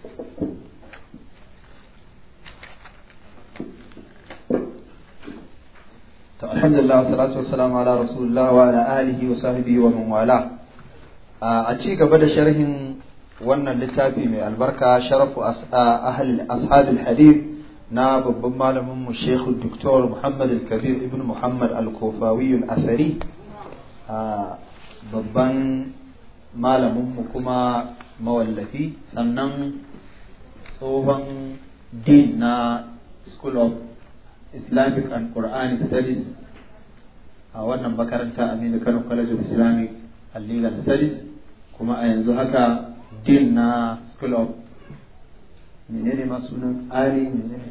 to alhamdulillah salatu wassalamu ala rasulillah wa ala alihi wa sahbihi wa man wala a ci gaba da sharhin wannan littafi mai albarka sharafu ahli ashabil na babban malamin mu Sheikh Dr. Muhammad al ibn Muhammad Al-Kofawi al babban malamin mu kuma mawallafi sannan tsohon din na School of Islamic and quran Studies a wannan makaranta Aminu Kano College of Islamic and Legal Studies kuma a yanzu haka din na School of menene ma sunan Ali menene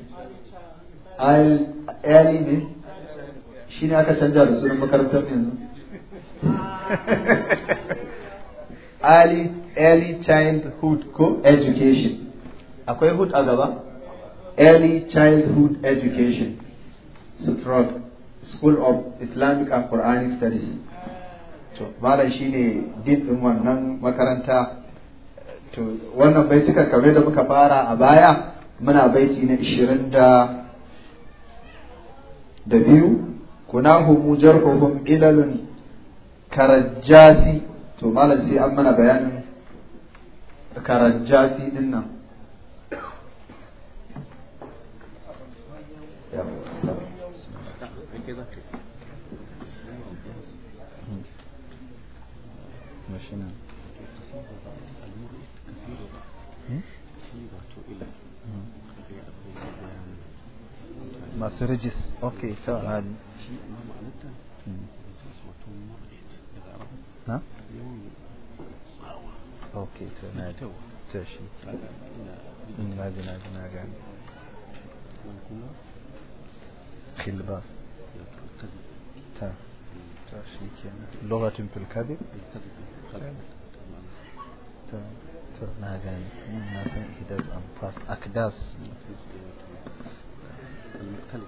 Ali ne shi ne aka canja da sunan makarantar yanzu Ali Early Childhood Co-Education akwai hood a gaba early childhood education strong school of islamic and quranic studies to malam shine din din wannan makaranta to wannan bai suka kame da muka fara a baya muna baiti na 22 da da biyu kunahum ilalun karajjasi to malam sai an mana bayanin karajjasi din nan ماشي نعم مسرجس اوكي تمام هذه في ما معناتها ها اوكي تمام تاشي نادي نادي نادي تلقي الباب تمام لغة في الكذب تمام تمام nothing he does on fast أكداس المقتلب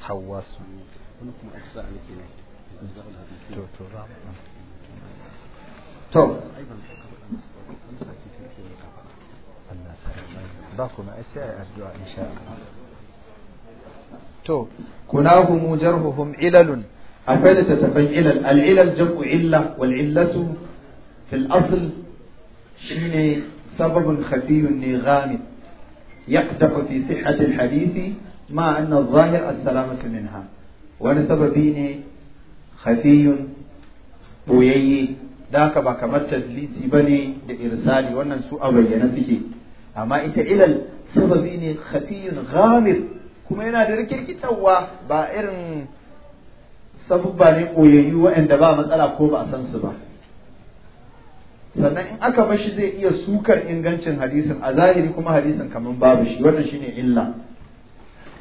حواس ونكم أجزاء لك تو أيضا باكو ما أسيا أرجو إن شاء الله to kunahumu jarhuhum ilalun akwai littattafan ilal al'ilal jam'u illa wal illatu fil asl shine sababun khafiyun ne ghamid yaqdahu fi sihhati hadisi ma anna zahir dhahir minha wani sababi ne khafiyun boyayye da haka ba kamar tadlisi bane da irsali wannan su a bayyana suke amma ita ilal sababi ne khafiyun ghamid kuma yana da rikirkitarwa ba irin sabubba ne koyayyu waɗanda ba matsala ko ba a san su ba sannan in aka bashi zai iya sukar ingancin hadisin a zahiri kuma hadisin kamar babu shi wannan shine illa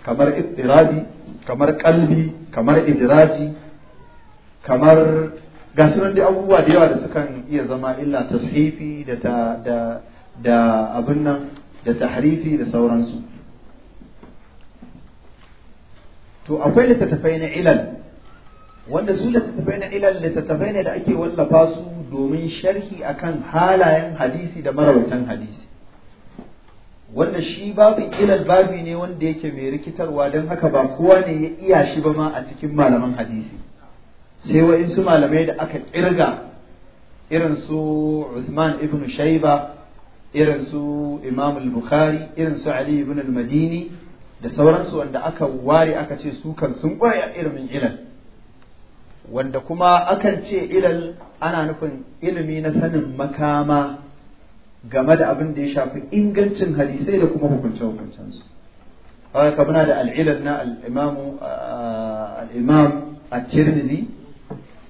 kamar ittirabi kamar kalbi kamar idraji kamar ga sunan abubuwa da yawa da sukan iya zama illa tashifi da da da abin nan da tahrifi da sauransu to akwai littattafai na ilal wanda su littattafai na ilal littattafai ne da ake wallafa su domin sharhi akan halayen hadisi da marawatan hadisi wanda shi babin ilal babi ne wanda yake mai rikitarwa don haka ba kowa ne ya iya shi ba ma a cikin malaman hadisi sai wa'insu malamai da aka kirga irin su Uthman ibn Shaiba irin su Imam al-Bukhari irin su Ali ibn al-Madini da sauransu wanda aka ware aka ce su kan sun ƙware a ilimin ilal wanda kuma akan ce ilal ana nufin ilimi na sanin makama game da abin da ya shafi ingancin hadisai da kuma hukunce hukuncensu haka muna da al'ilal na al'imamu al'imam a tirmidhi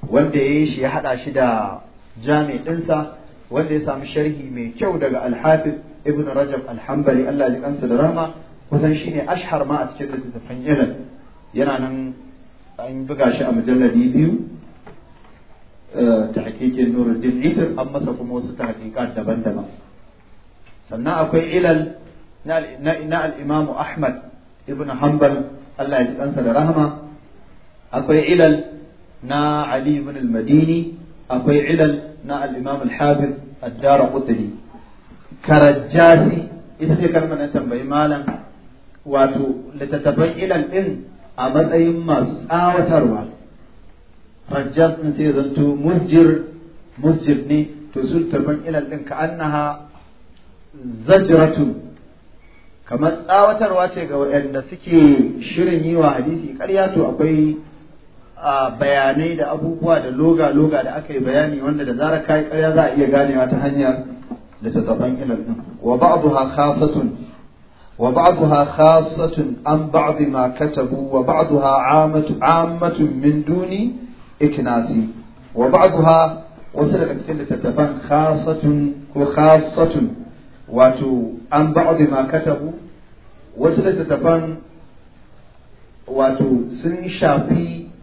wanda ya yi shi ya haɗa shi da jami ɗinsa wanda ya samu sharhi mai kyau daga alhafiz ibn rajab alhambali allah ji kansa da rahma kusan shine ashhar ma a cikin littattafan ilm yana nan an buga shi a mujalladi biyu eh, tahqiqin nuruddin isr an masa kuma wasu tahqiqat daban-daban sannan akwai ilal na al ahmad ibn hanbal Allah ya ji kansa da rahama akwai ilal na ali ibn al-madini akwai ilal na al-imam al-hafiz ad-darqutni karajjasi ita ce kalmar na tambayi malam wato littattafan ilal ɗin a matsayin masu tsawatarwa rajab ɗin sai zanto musjir musjir ne to su littattafan ilan ɗin ka annaha zajiratu. kamar tsawatarwa ce ga waɗanda suke shirin yi wa hadisi ƙarya to akwai bayanai da abubuwa da loga-loga da aka yi bayani wanda da zarar kai ƙarya za a iya ganewa ta hanyar littattafan ilal din wa ba'daha khasatun وبعضها خاصة عن بعض ما كتبوا وبعضها عامة عامة من دون إكناس وبعضها وصل cikin littattafan khasatun ko khasatun wato an ba'adu ma katabu wasu littattafan wato sun shafi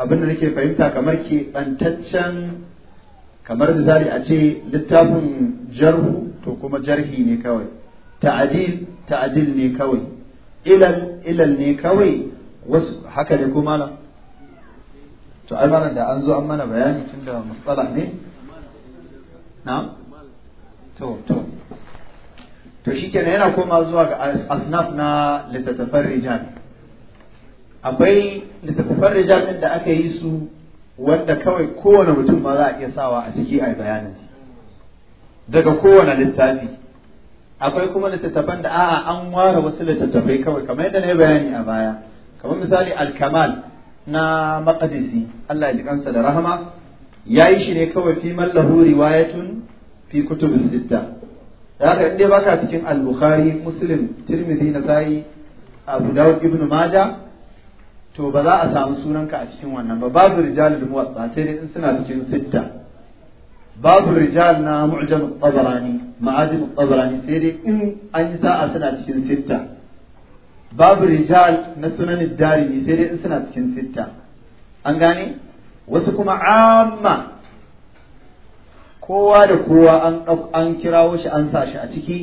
abin da nake fahimta kamar keɓantaccen kamar da zari a ce littafin jarhu to kuma jarhi ne kawai ta'adil ne kawai ilal ne kawai wasu haka ne ko malam to ai malam da an zo an mana bayani tunda mustalah ne na'am to shi to shikenan yana koma zuwa ga asnaf na littattafan rijal akwai littattafan rijal din da aka yi su wanda kawai kowane mutum ma za a iya sawa a ciki a bayanin daga kowane littafi akwai kuma littattafan da a'a an ware wasu littattafai kawai kamar yadda na yi bayani a baya kamar misali alkamal na maqdisi Allah ya ji kansa da rahama yayi shi ne kawai fi mallahu riwayatun fi kutubus sitta haka inda baka cikin al-bukhari muslim tirmidhi nasai abu dawud ibnu majah to ba za a samu sunanka a cikin wannan ba babu rijalul muwatta sai dai in suna cikin sitta babu rijal na mu'jam tabarani ma'ajin tsabarani sai dai in an yi sa'a suna cikin sitta babu rijal na sunanin darimi sai dai in suna cikin sitta an gane wasu kuma amma kowa da kowa an an kirawo shi an sa shi a ciki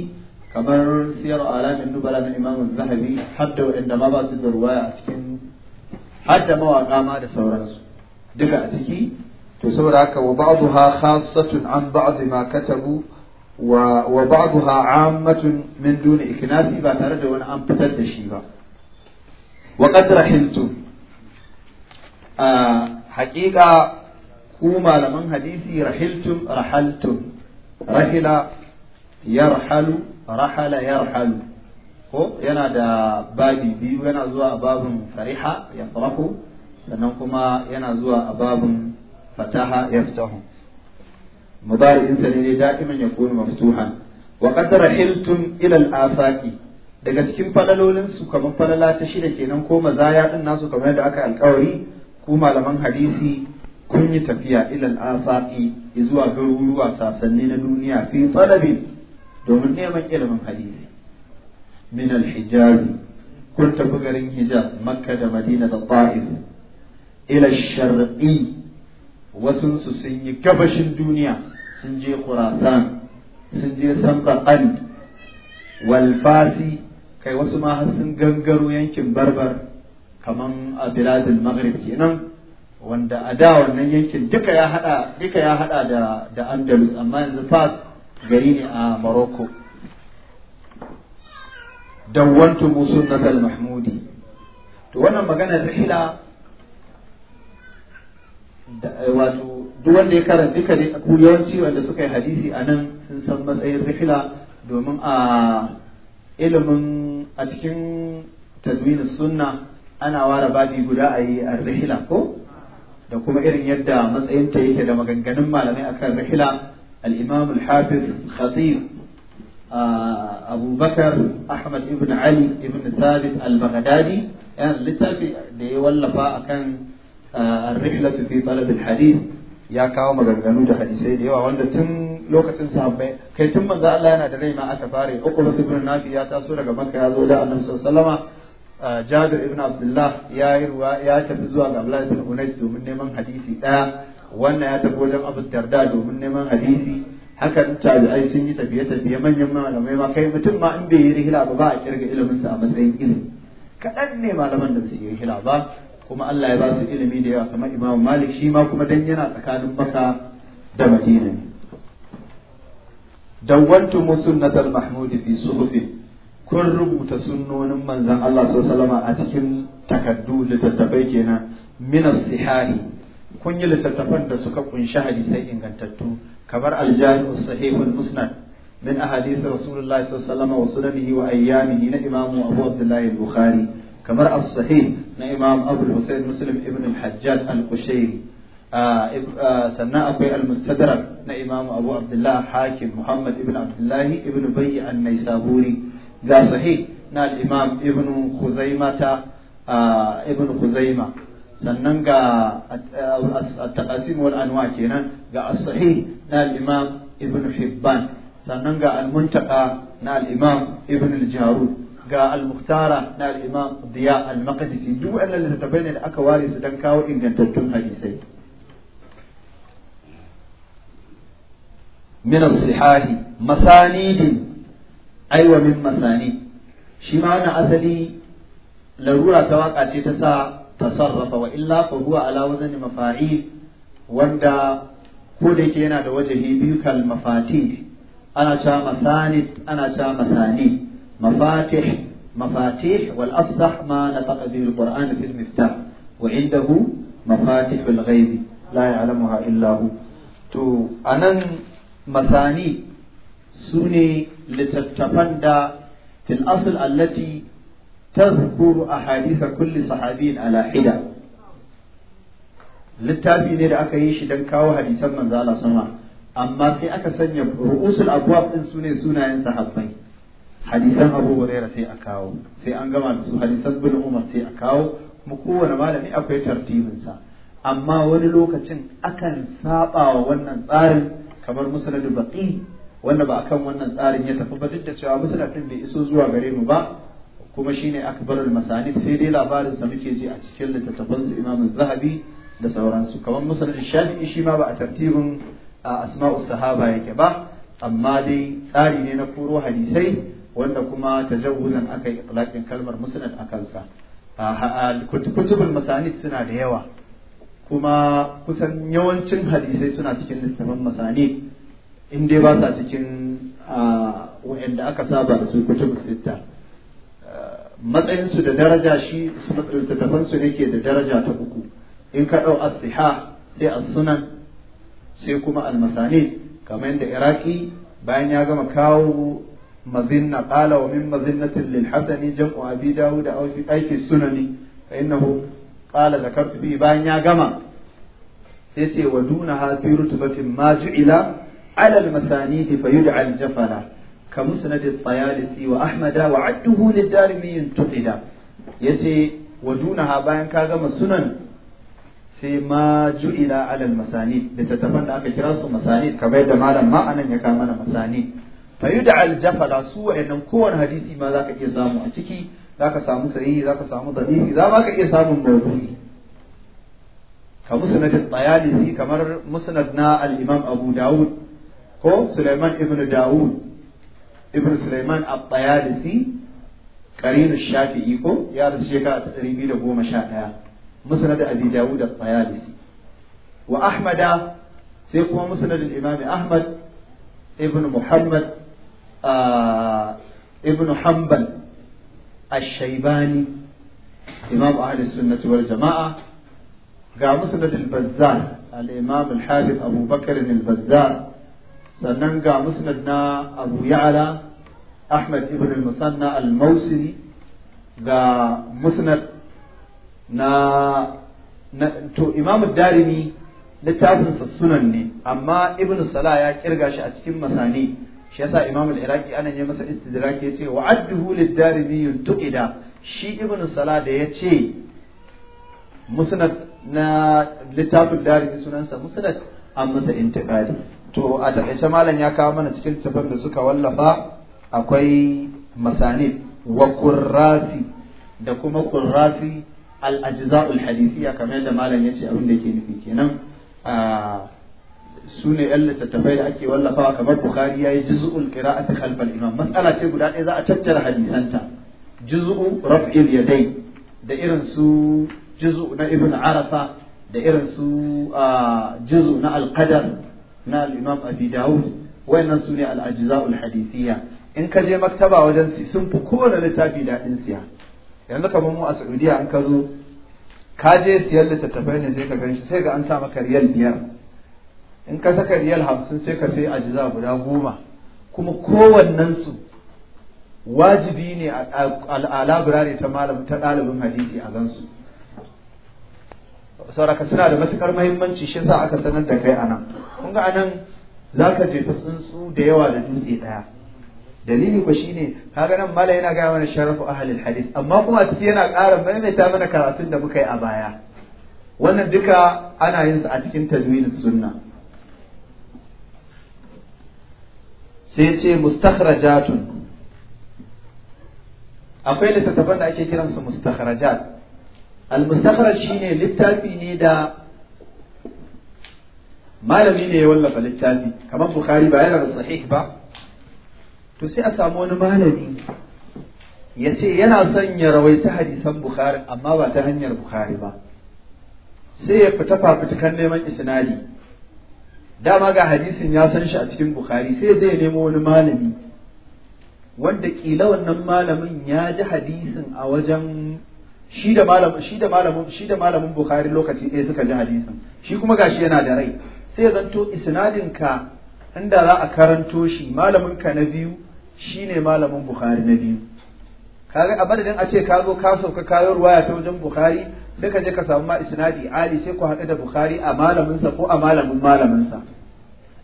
kamar siyar alamin nubala na imam zahabi hadda waɗanda ma ba su da ruwaya a cikin hadda mawaƙa ma da sauransu duka a ciki to saboda haka wa ba'dha khassatun an ba'd ma katabu wa wa ba'daha 'ammatun min duni iknasi ba tare da wani an fitar da shi ba wa qad rahimtu a haƙiƙa ku malaman hadisi rahiltu rahaltu rahila yarhalu rahala yarhalu ko yana da babi biyu yana zuwa a fariha ya sannan kuma yana zuwa a babun fataha ya muzari insa ne da'iman yakunu maftuhan wa qad rahiltum ila al daga cikin falalolin su kamar falala ta shida kenan ko mazaya din nasu kamar da aka alkawari ku malaman hadisi kun yi tafiya ila al-afaqi zuwa garuruwa sasanni na duniya fi talabi domin neman ilimin hadisi min al-hijaz kun tafi garin hijaz makka da madina da ta'if ila sharqi wasunsu sun yi gabashin duniya sun je khurasan sun je samraqand walfasi kai wasu ma har sun gangaro yankin barbar kaman a biladul maghrib kenan wanda a da wannan yankin duka ya hada duka ya hada da da andalus amma yanzu fas gari ne a morocco dawwantu musunnat al-mahmudi to wannan magana ta hila wato duk wanda ya karanta ne dai yawanci wanda suka yi hadisi a nan sun san matsayin rihila domin a ilimin a cikin tadwin sunna ana wara babi guda a yi a rihila ko da kuma irin yadda matsayinta yake da maganganun malamai akan rihila al-imam al-hafiz khatib أبو ibn ali ibn علي ابن ثابت da يعني da ya wallafa akan الرحلة في طلب الحديث ya kawo maganganu da hadisai da yawa wanda tun lokacin sahabbai kai tun manzo Allah yana da rai ma aka fare uqbah ibn nafi ya taso daga makka ya zo da annabi sallallahu alaihi ah, jabir ibn abdullah ya yi ruwa ya tafi zuwa ga abdullah ibn unais domin neman hadisi daya wannan ya tafi wajen abu darda domin neman hadisi haka tabi'ai sun yi tafiye-tafiye manyan malamai ma kai mutum ma in bai yi rihila ba ba a kirga ilimin sa a matsayin ilimi kaɗan ne malaman da su yi rihila ba kuma Allah ya ba su ilimi da yawa kamar Imam Malik shi ma kuma dan yana tsakanin Makka da Madina dawwantu musunnatal mahmud fi suhufi kun rubuta sunnonin manzon Allah sallallahu a cikin takaddu littattafai kenan min sihahi kun yi littattafan da suka kunshi hadisai ingantattu kamar al-jami'u sahih al-musnad من أحاديث رسول الله صلى الله عليه وسلم وسننه وأيامه إمام أبو عبد الله البخاري كما الصحيح na imam abul husayn muslim ibn al-hajjaj al-qushairi uh, uh, sannan akwai al-mustadrak na imam abu abdullah hakim muhammad ibn abdullah ibn bayy an-naisaburi ga sahih na al-imam ibn khuzaimata uh, ibn khuzaima sannan ga at-taqasim wal anwa kenan ga as-sahih na al-imam ibn hibban sannan ga al-muntaqa na al-imam ibn al-jarud ga al-muhtara na al-imam diya al-maqdisi duk wannan littattafai ne da aka ware su dan kawo ingantattun hadisai min as-sihahi masanidin aiwa min masani shi ma wannan asali larura ta waka ce ta sa tasarrafa wa illa fa huwa ala wazni mafa'il wanda ko da yake yana da wajahi biyu kal mafatih ana cewa masanid ana cewa masani مفاتح مفاتيح والأفصح ما نطق به القرآن في المفتاح وعنده مفاتح الغيب لا يعلمها إلا هو تو أنا مثاني سوني لتتفندى في الأصل التي تذكر أحاديث كل صحابي على حدة littafi ne da aka yi shi don kawo hadisan manzo Allah sama amma sai aka sanya ru'usul abwab din sune sunayen sahabbai hadisan abu huraira sai a kawo sai an gama da su hadisan bin umar sai a kawo kuma kowane malami akwai tartibinsa amma wani lokacin akan saba wa wannan tsarin kamar musnad baqi wanda ba akan wannan tsarin ya tafi ba duk da cewa musnad din bai iso zuwa gare mu ba kuma shine akbarul masani sai dai labarin sa muke ji a cikin littattafan su imam zahabi da sauransu kamar musnad shafi'i shi ma ba a tartibin asma'us sahaba yake ba amma dai tsari ne na koro hadisai wanda kuma tajawuzan aka yi itlaqin kalmar musnad a kansa kutubul masanid suna da yawa kuma kusan yawancin hadisai suna cikin littafin masanid in dai ba sa cikin wa'anda aka saba da su kutubus sitta matsayinsu da daraja shi su littattafansu ne ke da daraja ta uku in ka ɗau as sai as-sunan sai kuma al-masanid kamar yadda iraki bayan ya gama kawo مظنة قال ومن مظنة للحسن جمع أبي داود أو في أي السنن فإنه قال ذكرت به بان يا جماعة سيتي ودونها في رتبة ما جعل على المسانيد فيجعل جفنا كمسند الطيالسي وأحمد وعده للدارمي انتقدا يتي ودونها بان كاغم السنن sai ma ju'ila alal masani da tattafan da aka kira su masani kamar yadda malam ma anan ya kama mana masani fa yud'a al-jafala su wa'annan kowane hadisi ma za ka iya samu a ciki za ka samu sahihi ka samu dalili za ma ka iya samun mawdu'i ka musnad al-tayalisi kamar musnad na al-imam Abu Dawud ko Sulaiman ibn Dawud ibn Sulaiman al-Tayalisi karin shafi'i ko ya rasu shekara ta 211 musnad Abi Dawud al-Tayalisi wa Ahmada sai kuma musnad al-imam Ahmad ibn Muhammad ibn hanbal ash-shaybani imam ahli sunnati jama'a ga musnad al-bazzar al-imam abu bakr al sannan ga abu ya'la ahmad ibn al al-mawsili ga na to imam darimi littafinsa ne amma ibn sala ya kirga shi a cikin masani shi yasa imam al-iraqi anan ya masa istidrak ya ce wa lid-darimi shi ibn salah da ya ce musnad na littafin darimi sunansa musnad an masa intiqadi to a takaice malam ya kawo mana cikin littafin da suka wallafa akwai masanid wa qurrasi da kuma qurrasi al-ajza'ul hadithiyya kamar da malam ya ce abin da yake nufi kenan ah, su ne yan littattafai da ake wallafawa kamar bukhari ya yi juz'ul qira'ati khalfal imam matsala ce guda ɗaya za a tattara hadisanta juz'u raf'il yadai da irin su juz'u na ibn arafa da irin su juz'u na al-qadar na al-imam abi daud wayannan su ne al-ajza'ul in ka je maktaba wajen su sun fi kowane littafi daɗin siya yanzu kamar mu a saudiya an ka zo ka je siyan littattafai ne sai ka ganshi sai ga an sa maka riyal biyar in ka saka riyal hamsin sai ka sai ajiza guda goma kuma kowannensu wajibi ne a labirari ta ɗalibin hadisi a gansu sauraka suna da matukar mahimmanci shi sa aka sanar da kai a nan, kun ga anan za ka jefa tsuntsu da yawa da dutse ɗaya dalili ku shine kaga nan mala yana gaya mana sharafu halin hadith amma kuma ciki yana ƙara maimaita mana karatun da muka yi a baya wannan duka ana yin sa a cikin talwinin sunna sai ce mustakharajatun akwai littattafan da ake su mustakharajat al mustakharaj shine littafi ne da malami ne ya wallafa littafi kamar bukhari ba yana da sahih ba to sai a samu wani malami ya ce yana son ya rawaita hadisan bukhari amma ba ta hanyar bukhari ba sai ya fita fafutukan neman isnadi dama ga hadisin ya san shi a cikin bukhari sai zai nemo wani malami wanda kila wannan malamin ya ji hadisin a wajen shi da malamin shi da malamin shi da malamin bukhari lokaci ɗaya suka ji hadisin shi kuma gashi yana da rai sai zanto isnadin ka inda za a karanto shi malamin ka na biyu shine malamin bukhari na biyu kaga a madadin a ce ka zo ka sauka kayo ruwaya ta wajen bukhari sai ka je ka samu ma isnadi ali sai ku haɗu da bukhari a malamin sa ko a malamin malamin sa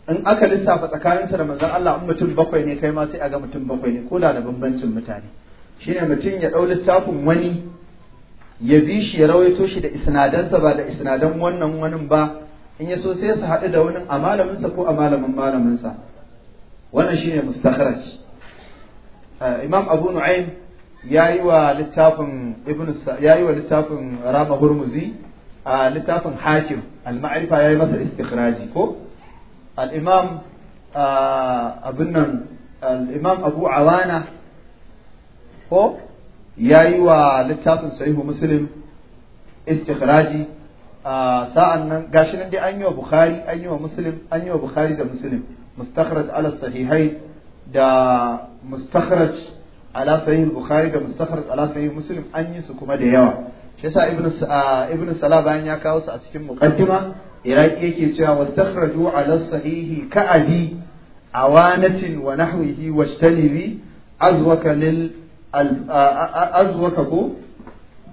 in aka lissafa tsakanin sa da manzon Allah in mutum bakwai ne kai ma sai a ga mutum bakwai ne ko da da bambancin mutane shine mutum ya ɗau littafin wani ya bi shi ya rawaito shi da isnadansa ba da isnadan wannan wani ba in ya so sai su haɗu da wani a malamin sa ko a malamin malamin sa wannan shine mustakhraj eh, imam abu nu'aym Ya wa littafin ibn yayi wa littafin rama hurmuzi a littafin hakim al-ma'rifa yi masa istikhraji ko al-imam abin nan al-imam abu awana ko yayi wa littafin sahihu muslim istikhraji sa'an nan gashi nan dai an yi wa bukhari an yi wa muslim an yi wa bukhari da muslim mustakhraj ala sahihai da mustakhraj ala sahih bukhari da mustakhraj ala sahih muslim an yi su kuma da yawa shi yasa ibn ibn salah bayan ya kawo su a cikin muqaddima iraki yake cewa wastakhraju ala sahih ka'abi awanatin wa nahwihi washtalibi azwaka lil azwaka ko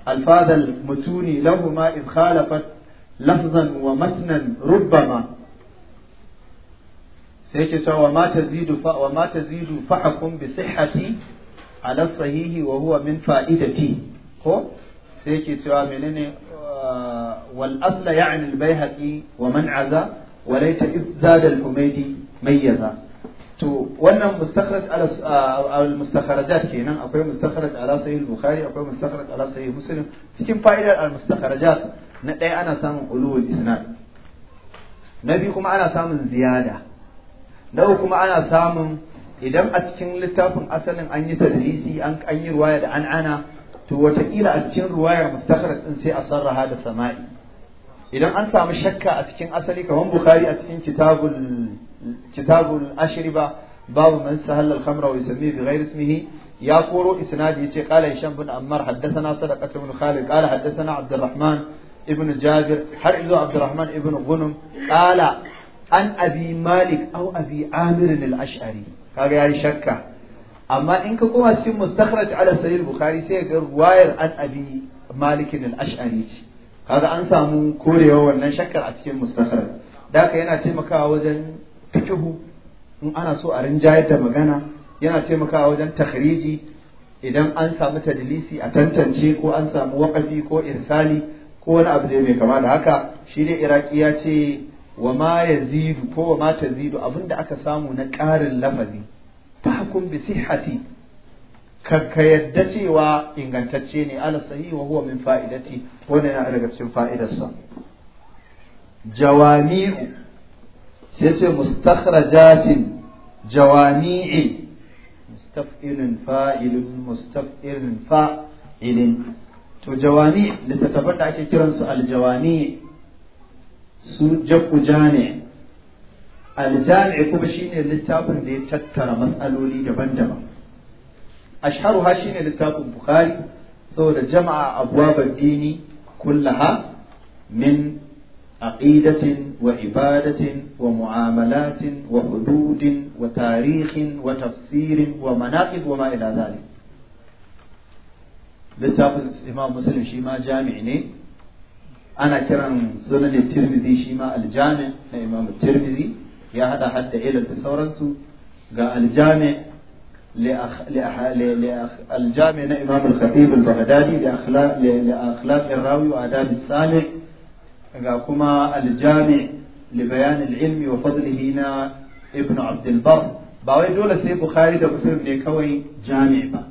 الفاظ المتون لهما إذ خالفت لفظا ومتنا ربما سيكتا وما تزيد فحكم بصحة ala sahihi wa huwa min fa'idati ko sai yake cewa menene uh, wal asla ya'ni al bayhaqi wa man aza wa laita izad al humaydi mayyaza to wannan mustakhraj ala uh, al mustakhrajat kenan akwai mustakhraj ala sahih bukhari akwai mustakhraj ala sahih muslim cikin fa'idar al mustakhrajat na ɗaya ana samun ulul isnad na biyu kuma ana samun ziyada na uku kuma ana samun idan a cikin littafin asalin an yi tadrisi an an yi ruwaya da ana to wataƙila a cikin ruwayar mustakhraj din sai a sarraha da sama'i idan an samu shakka a cikin asali kamar bukhari a cikin kitabul kitabul ashriba babu man sahalla al-khamra wa yusammi bi ghairi ismihi ya koro isnadi yace qala hisham bin ammar haddathana sadaqat bin khalid qala haddathana abdurrahman ibn jabir har izo abdurrahman ibn gunum qala an abi malik aw abi amir al-ash'ari kaga yayi shakka amma in ka koma cikin mustakhraj ala sahih bukhari sai ga ruwayar an abi malik al-ash'ari ce kaga an samu korewa wannan shakkar a cikin mustakhraj daka yana taimakawa wajen fikihu in ana so a rinjayar da magana yana taimakawa wajen takhriji idan an samu tadlisi a tantance ko an samu wakafi ko irsali ko wani abu da mai kama da haka shi dai iraki ya ce wa ma yazidu ko wa ma tazidu abinda aka samu na ƙarin lafazi tahkum bi sihhati ka yadda cewa ingantacce ne ala sahihi wa huwa min fa'idati wannan yana daga cikin fa'idarsa jawami'u sai ce mustakhrajatin jawami'i mustaf'ilun fa'ilun to da ake kiransu aljawani. su jaku jane aljami'i kuma shine littafin da ya tattara matsaloli daban-daban ha shine littafin bukari saboda jama'a abubuwan dini kullaha min aqidatin wa ibadatin wa mu'amalatin wa hududin wa tarihin wa tafsirin wa manaqib wa ma littafin imam muslim shi ma jami'i ne ana kiran sunan tirmidhi shi ma aljami na imam tirmidhi ya hada hadda ilal da sauransu ga aljami aljami na imam al-khatib al-baghdadi da akhlaq ar-rawi wa adab as ga kuma aljami li bayan al-ilmi wa fadlihi na ibn abd al-bar ba wai dole sai bukhari da muslim ne kawai jami ba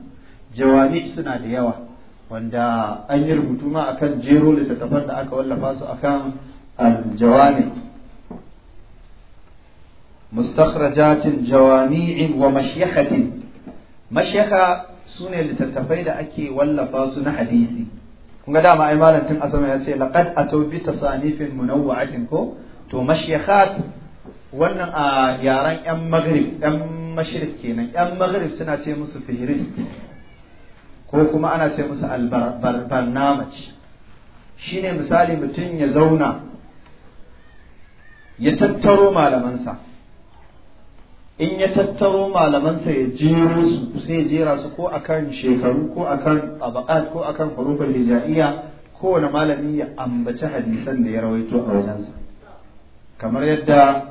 jawami suna da yawa wanda an yi rubutu ma akan jero littattafan da aka wallafa su akan aljawami mustakhrajatin jawami'in wa mashyahatin mashyaha sune littattafai da ake wallafa su na hadisi kun ga dama ai malam tun asama ya ce laqad atau bi tasanifin munawwa'atin ko to mashyahat wannan a yaran yan maghrib yan mashrik kenan yan maghrib suna ce musu fihrist ko kuma ana ce musu Shi shine misali mutum ya zauna ya tattaro malamansa in ya tattaro malamansa ya jero su sai ya jera su ko akan shekaru ko akan abakat ko akan hurufin hijaiya kowane malami ya ambaci hadisan da ya rawaito a wajensa kamar yadda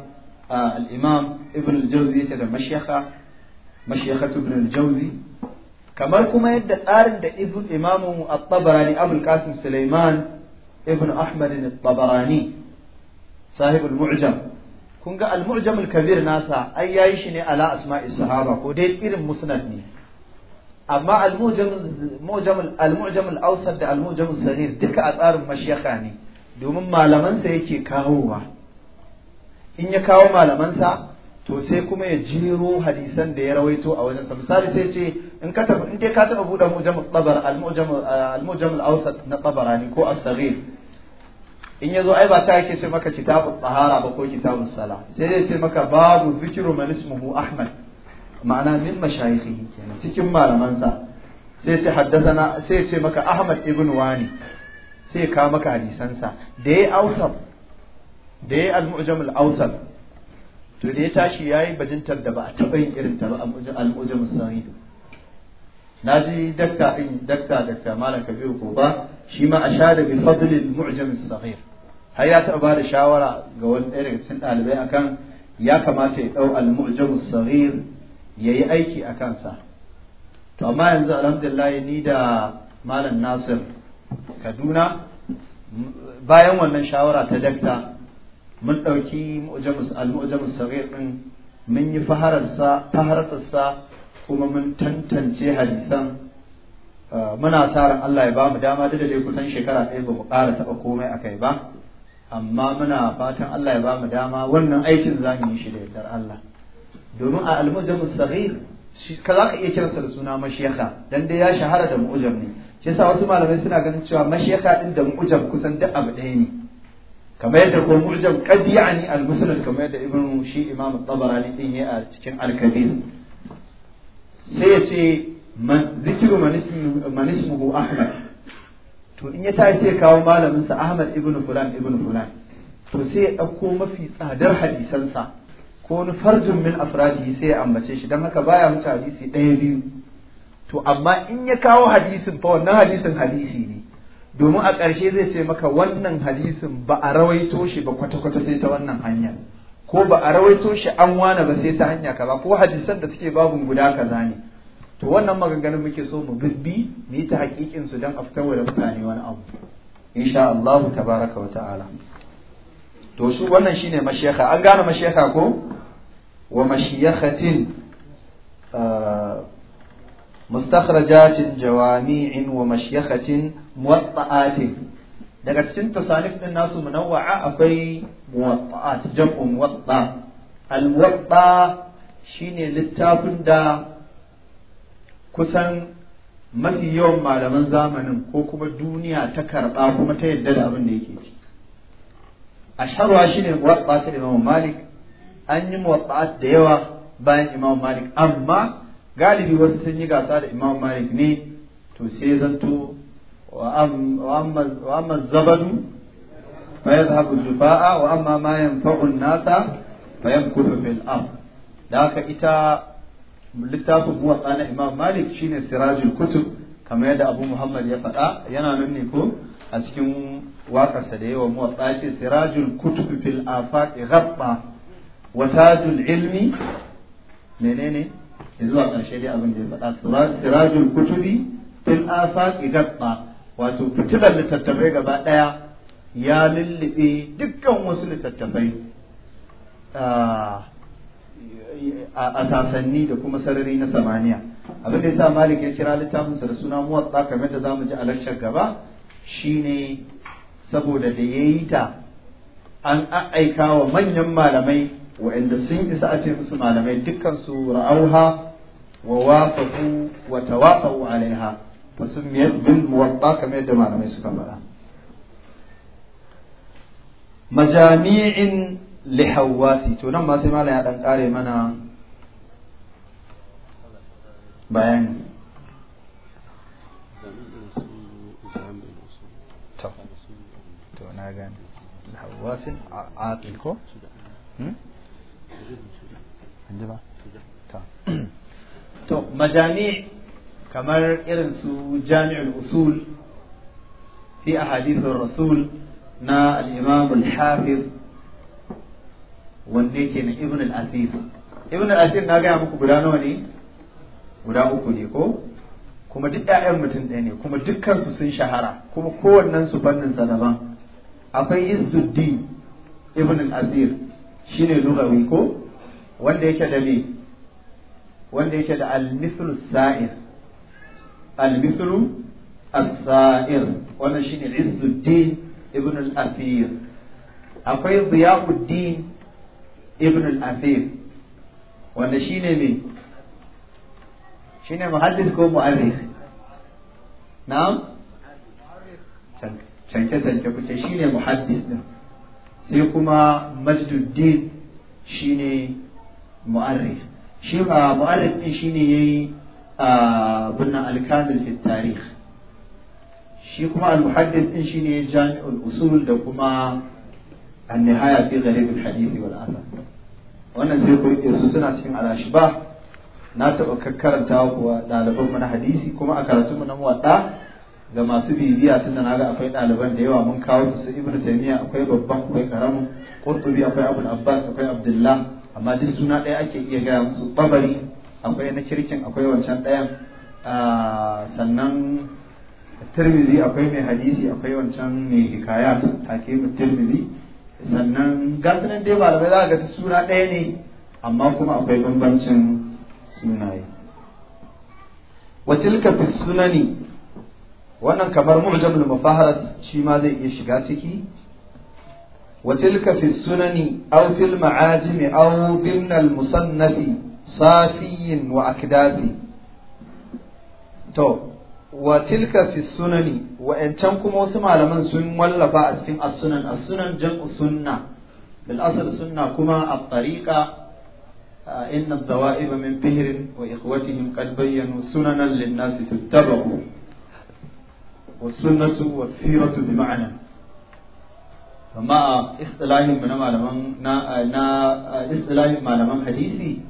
al-imam ibn al-jawzi yake da mashyakha mashyakha ibn al-jawzi kamar kuma yadda tsarin da ibn imamu at-tabarani abul qasim sulaiman ibn ahmad at-tabarani sahibul mu'jam kun ga al-mu'jam al-kabir nasa ai yayi shi ne ala asma'i sahaba ko dai irin musnad ne amma al-mu'jam al-mu'jam al-awsat da al-mu'jam al-saghir duka a tsarin mashayikha ne domin malamansa yake kawowa in ya kawo malamansa to sai kuma ya jiro hadisan da ya rawaito a wajensa misali sai ce in ka tafi in dai ka taba buɗe mujam al-tabar al-mujam al-awsat na tabarani ko as-saghir in yazo ai ba ta yake ce maka kitabu tahara ba ko kitabus sala sai zai ce maka babu zikru man ismuhu ahmad ma'ana min mashayikhihi kenan cikin malamansa sai ce haddathana sai ce maka ahmad ibn wani sai ka maka hadisansa da ya awsat da ya al-mujam al-awsat to da ya tashi ya yi bajintar da ba a taɓa yin irin ta ba al'ujamus sa'idu na ji dakta ɗin dakta dakta malam kabiru ko ba shi ma a sha da bi fadlil mu'jamis har ya taɓa ba da shawara ga wani ɗaya daga cikin ɗalibai akan ya kamata ya ɗau al-mu'jamus saghir ya yi aiki a kansa to amma yanzu alhamdulillah ni da malam nasir kaduna bayan wannan shawara ta dakta mun ɗauki al-mu'jamus saghir din mun yi fahararsa kuma mun tantance hadisan ah, muna sa ran Allah ya ba mu dama da dai kusan shekara ɗaya ba mu ƙara taɓa komai kai ba amma muna fatan Allah ya ba mu dama wannan aikin za mu yi shi da yardar Allah domin a al-mu'jamus saghir ka za ka iya kiransa da suna mashiyaka dan dai ya shahara da mu'jam ne shi yasa wasu malamai suna ganin cewa mashiyaka ɗin da mu'jam kusan duk abu ɗaya ne kamar yadda ko murjam qad ya'ni al-musnad kamar yadda ibn shi imam at-tabarani din ya a cikin al-kabir sai ya ce man zikru man ismuhu ahmad to in ya tashi sai kawo malamin sa ahmad ibn fulan ibn fulan to sai ya dauko mafi tsadar hadisansa ko wani farjin min afradi sai ya ambace shi dan haka baya wuce hadisi ɗaya biyu to amma in ya kawo hadisin fa wannan hadisin hadisi ne domin a ƙarshe zai ce maka wannan hadisin ba a rawaito shi ba kwata-kwata sai ta wannan hanya ko ba a rawaito shi an wane ba sai ta hanya kaza ko hadisan da suke babun guda kaza ne to wannan maganganun muke so mu bibbi mu yi ta haƙiƙin su don a fitar da mutane wani abu insha Allah tabaraka wa ta'ala to shi wannan shine mashayikha an gane mashayikha ko wa mashiyakhatin ah, mustakhrajatin jawami'in wa mashyakhatin muwatta'atin daga cikin tasanif din nasu munawwa'a akwai muwatta'at jam'u muwatta al muwatta shine littafin da kusan mafi yawan malaman zamanin ko kuma duniya ta karɓa kuma ta yadda da abin da yake ci asharwa shine muwatta ta Imam Malik an yi muwatta'at da yawa bayan Imam Malik amma galibi wasu sun yi gasa da imam malik ne to sai zanto wa amma zabadu fa yadhhabu dufa'a wa amma ma yanfa'u an-nasa fa yamkuthu fil ard da haka ita littafin muwatsa na imam malik shine sirajul kutub kamar yadda abu muhammad ya faɗa yana nan ko a cikin waƙarsa da yawa muwatsa ce sirajul kutub fil afaq ghabba wa tajul ilmi menene zuwa ƙarshe dai abin da ya faɗa sirajul kutubi fil afaq gatta wato fitilar littattafai gaba ɗaya ya lullube dukkan wasu littattafai a sasanni da kuma sarari na samaniya abin da yasa malik ya kira littafinsa da suna muwatta kamar da zamu ji a lakcar gaba shine saboda da yayi ta an aika wa manyan malamai inda sun isa a ce musu malamai dukkansu ra'auha wa wafaqu wa tawafaqu alaiha miyar bin muwabba kamar yadda malamai suka faɗa majami'in lihawasi to nan ma sai malam ya dan kare mana bayani to na gani lihawasin aqil ko hmm? ba to majami kamar irin su jami'ul usul fi ahadithur rasul na al-imam al-hafiz wanne ke na ibn al-asir ibn al-asir na gaya muku guda nawa ne guda uku ne ko kuma duk ƴaƴan mutum ɗaya ne kuma dukkansu sun shahara kuma kowannen su fannin sa daban akwai izzuddin ibn al-asir shine lugawi ko wanda yake da me wanda yake da al-mithlu sa'ir al-mithlu as-sa'ir wannan shine Izzuddin ibn al-Athir akwai Ziyaquddin ibn al-Athir wanda shine me shine muhaddis ko mu'arrikh na'am canke canke kuce shine muhaddis din sai kuma majduddin shine mu'arrif shi ba mu'arrif din shine yayi a bunna al fi tarikh shi kuma al-muhaddith din shine jami'ul usul da kuma an-nihaya fi gharib al-hadith wal athar wannan sai ku rike su suna cikin al-ashbah na taɓa karanta kuwa ɗaliban mana na hadisi kuma a karatunmu na muwaɗa da masu bibiya da naga akwai ɗaliban da yawa mun kawo su ibn ibnu taymiya akwai babban akwai karamin qurtubi akwai abul abbas akwai abdullah amma duk suna ɗaya ake iya gaya musu babari akwai na kirkin akwai wancan ɗayan ah, sannan tirmizi akwai mai hadisi akwai wancan mai hikaya take tirmidhi sannan gasunan dai malamai za ga ta suna ɗaya ne amma kuma akwai bambancin sunaye wa tilka fi wannan kamar mu'jamul mufaharat shi ma zai iya shiga ciki wa tilka fi sunani aw fil ma'ajim aw dhimn al musannafi safiyin wa akdasi to wa tilka fi sunani 'yancan kuma wasu malaman sun wallafa a cikin as-sunan as-sunan jam'u sunna bil asr sunna kuma at-tariqa inna ad-dawa'ib min fihrin wa ikhwatihim qad bayyanu sunanan lin-nasi tuttaba'u والسنة والسيرة بمعنى فما اصطلاح من malaman na na istilahin malaman hadisi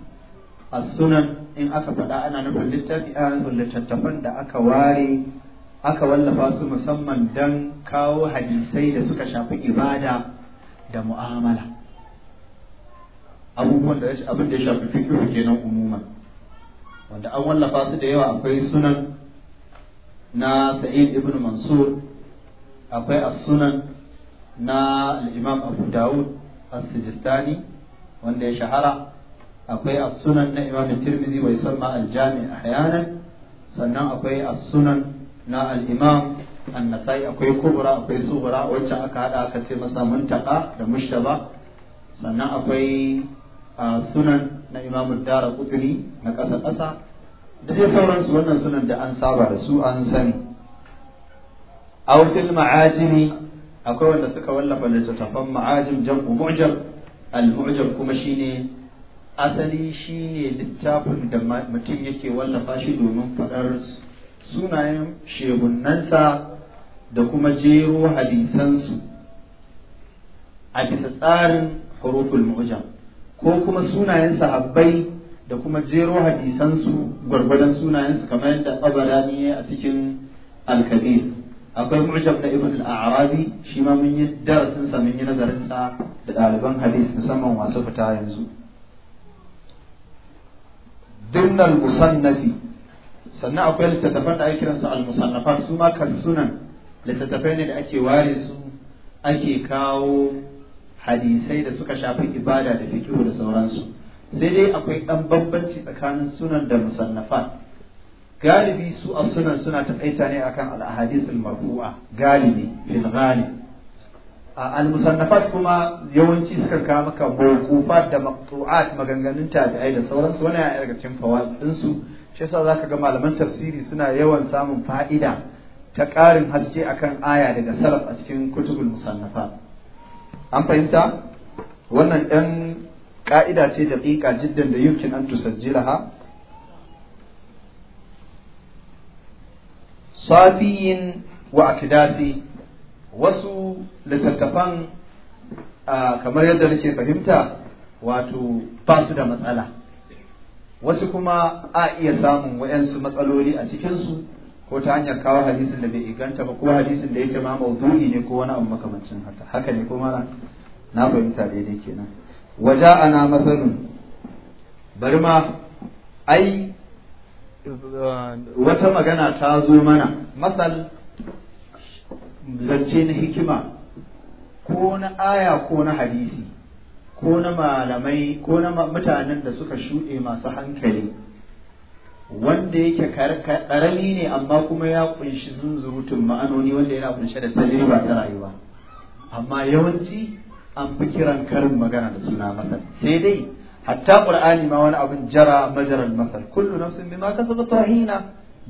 as-sunan in aka faɗa ana nufin littafi ana nufin littattafan da aka ware aka wallafa su musamman don kawo hadisai da suka shafi ibada da mu'amala abubuwan da da ya shafi fikihu kenan umuma wanda an wallafa su da yawa akwai sunan na Sa'id ibn Mansur akwai sunan na al-Imam Abu Dawud as-Sijistani wanda ya shahara akwai sunan na Imam Tirmidhi wa Aljamiya al-Jami' ahyanan sannan akwai sunan na al annasai An-Nasa'i akwai kubra akwai sughra wacce aka hada aka ce masa muntaka da mushtaba sannan akwai ah, sunan na Imam ad na ƙasa ƙasa. da dai sauransu wannan sunan da an saba da su an sani aw ma'ajini akwai wanda suka wallafa littattafan ma'ajim jam'u mu'jam al mu'jam kuma shine asali shine littafin da mutum yake wallafa shi domin faɗar sunayen shegunnansa da kuma jero hadisansu a bisa tsarin huruful mu'jam ko kuma sunayen sahabbai da kuma jero hadisansu gwargwadon sunayensu kamar yadda abarani ya a cikin alkabir akwai mujab da ibn al-arabi shi ma mun yi darasin sa mun yi nazarin sa da ɗaliban hadis musamman wasu fita yanzu al musannafi sannan akwai littattafan da ake kiransu al-musannafat su ma kan sunan littattafai ne da ake ware su ake kawo hadisai da suka shafi ibada da fikihu da sauransu sai dai akwai ɗan bambanci tsakanin sunan da musannafa galibi su a sunan suna taƙaita ne akan kan al'ahadisul marfua galibi fil a al-musannafat kuma yawanci suka kawo maka mawqufat da maqtu'at maganganun tabi'ai da sauransu wani ya daga cikin fawaid din su shi yasa zaka ga malaman tafsiri suna yawan samun fa'ida ta ƙarin haske akan aya daga salaf a cikin kutubul musannafat an fahimta wannan ɗan ka'ida ce da fiƙa jiddan da yukin an ha safiyin wa akidasi wasu littattafan kamar yadda nake fahimta wato ba su da matsala wasu kuma a iya samun wa'yansu matsaloli a cikinsu ko ta hanyar kawo hadisin da bai inganta ba ko hadisin da yake ma maudu'i ne ko wani abu makamancin haka haka ne ko mara na fahimta daidai kenan waja'ana mathalun bari ma ai wata magana ta zo mana matsal zance na hikima ko na aya ko na hadisi ko na malamai ko na mutanen da suka shuɗe masu hankali wanda yake ƙarami ne amma kuma ya ƙunshi zunzurutun ma'anoni wanda yana ƙunshe da tajriba ta rayuwa amma yawanci an fi kiran karin magana da suna masar. sai dai hatta qur'ani ma wani abin jara majaral masal kullu nafsin bima kasabat rahina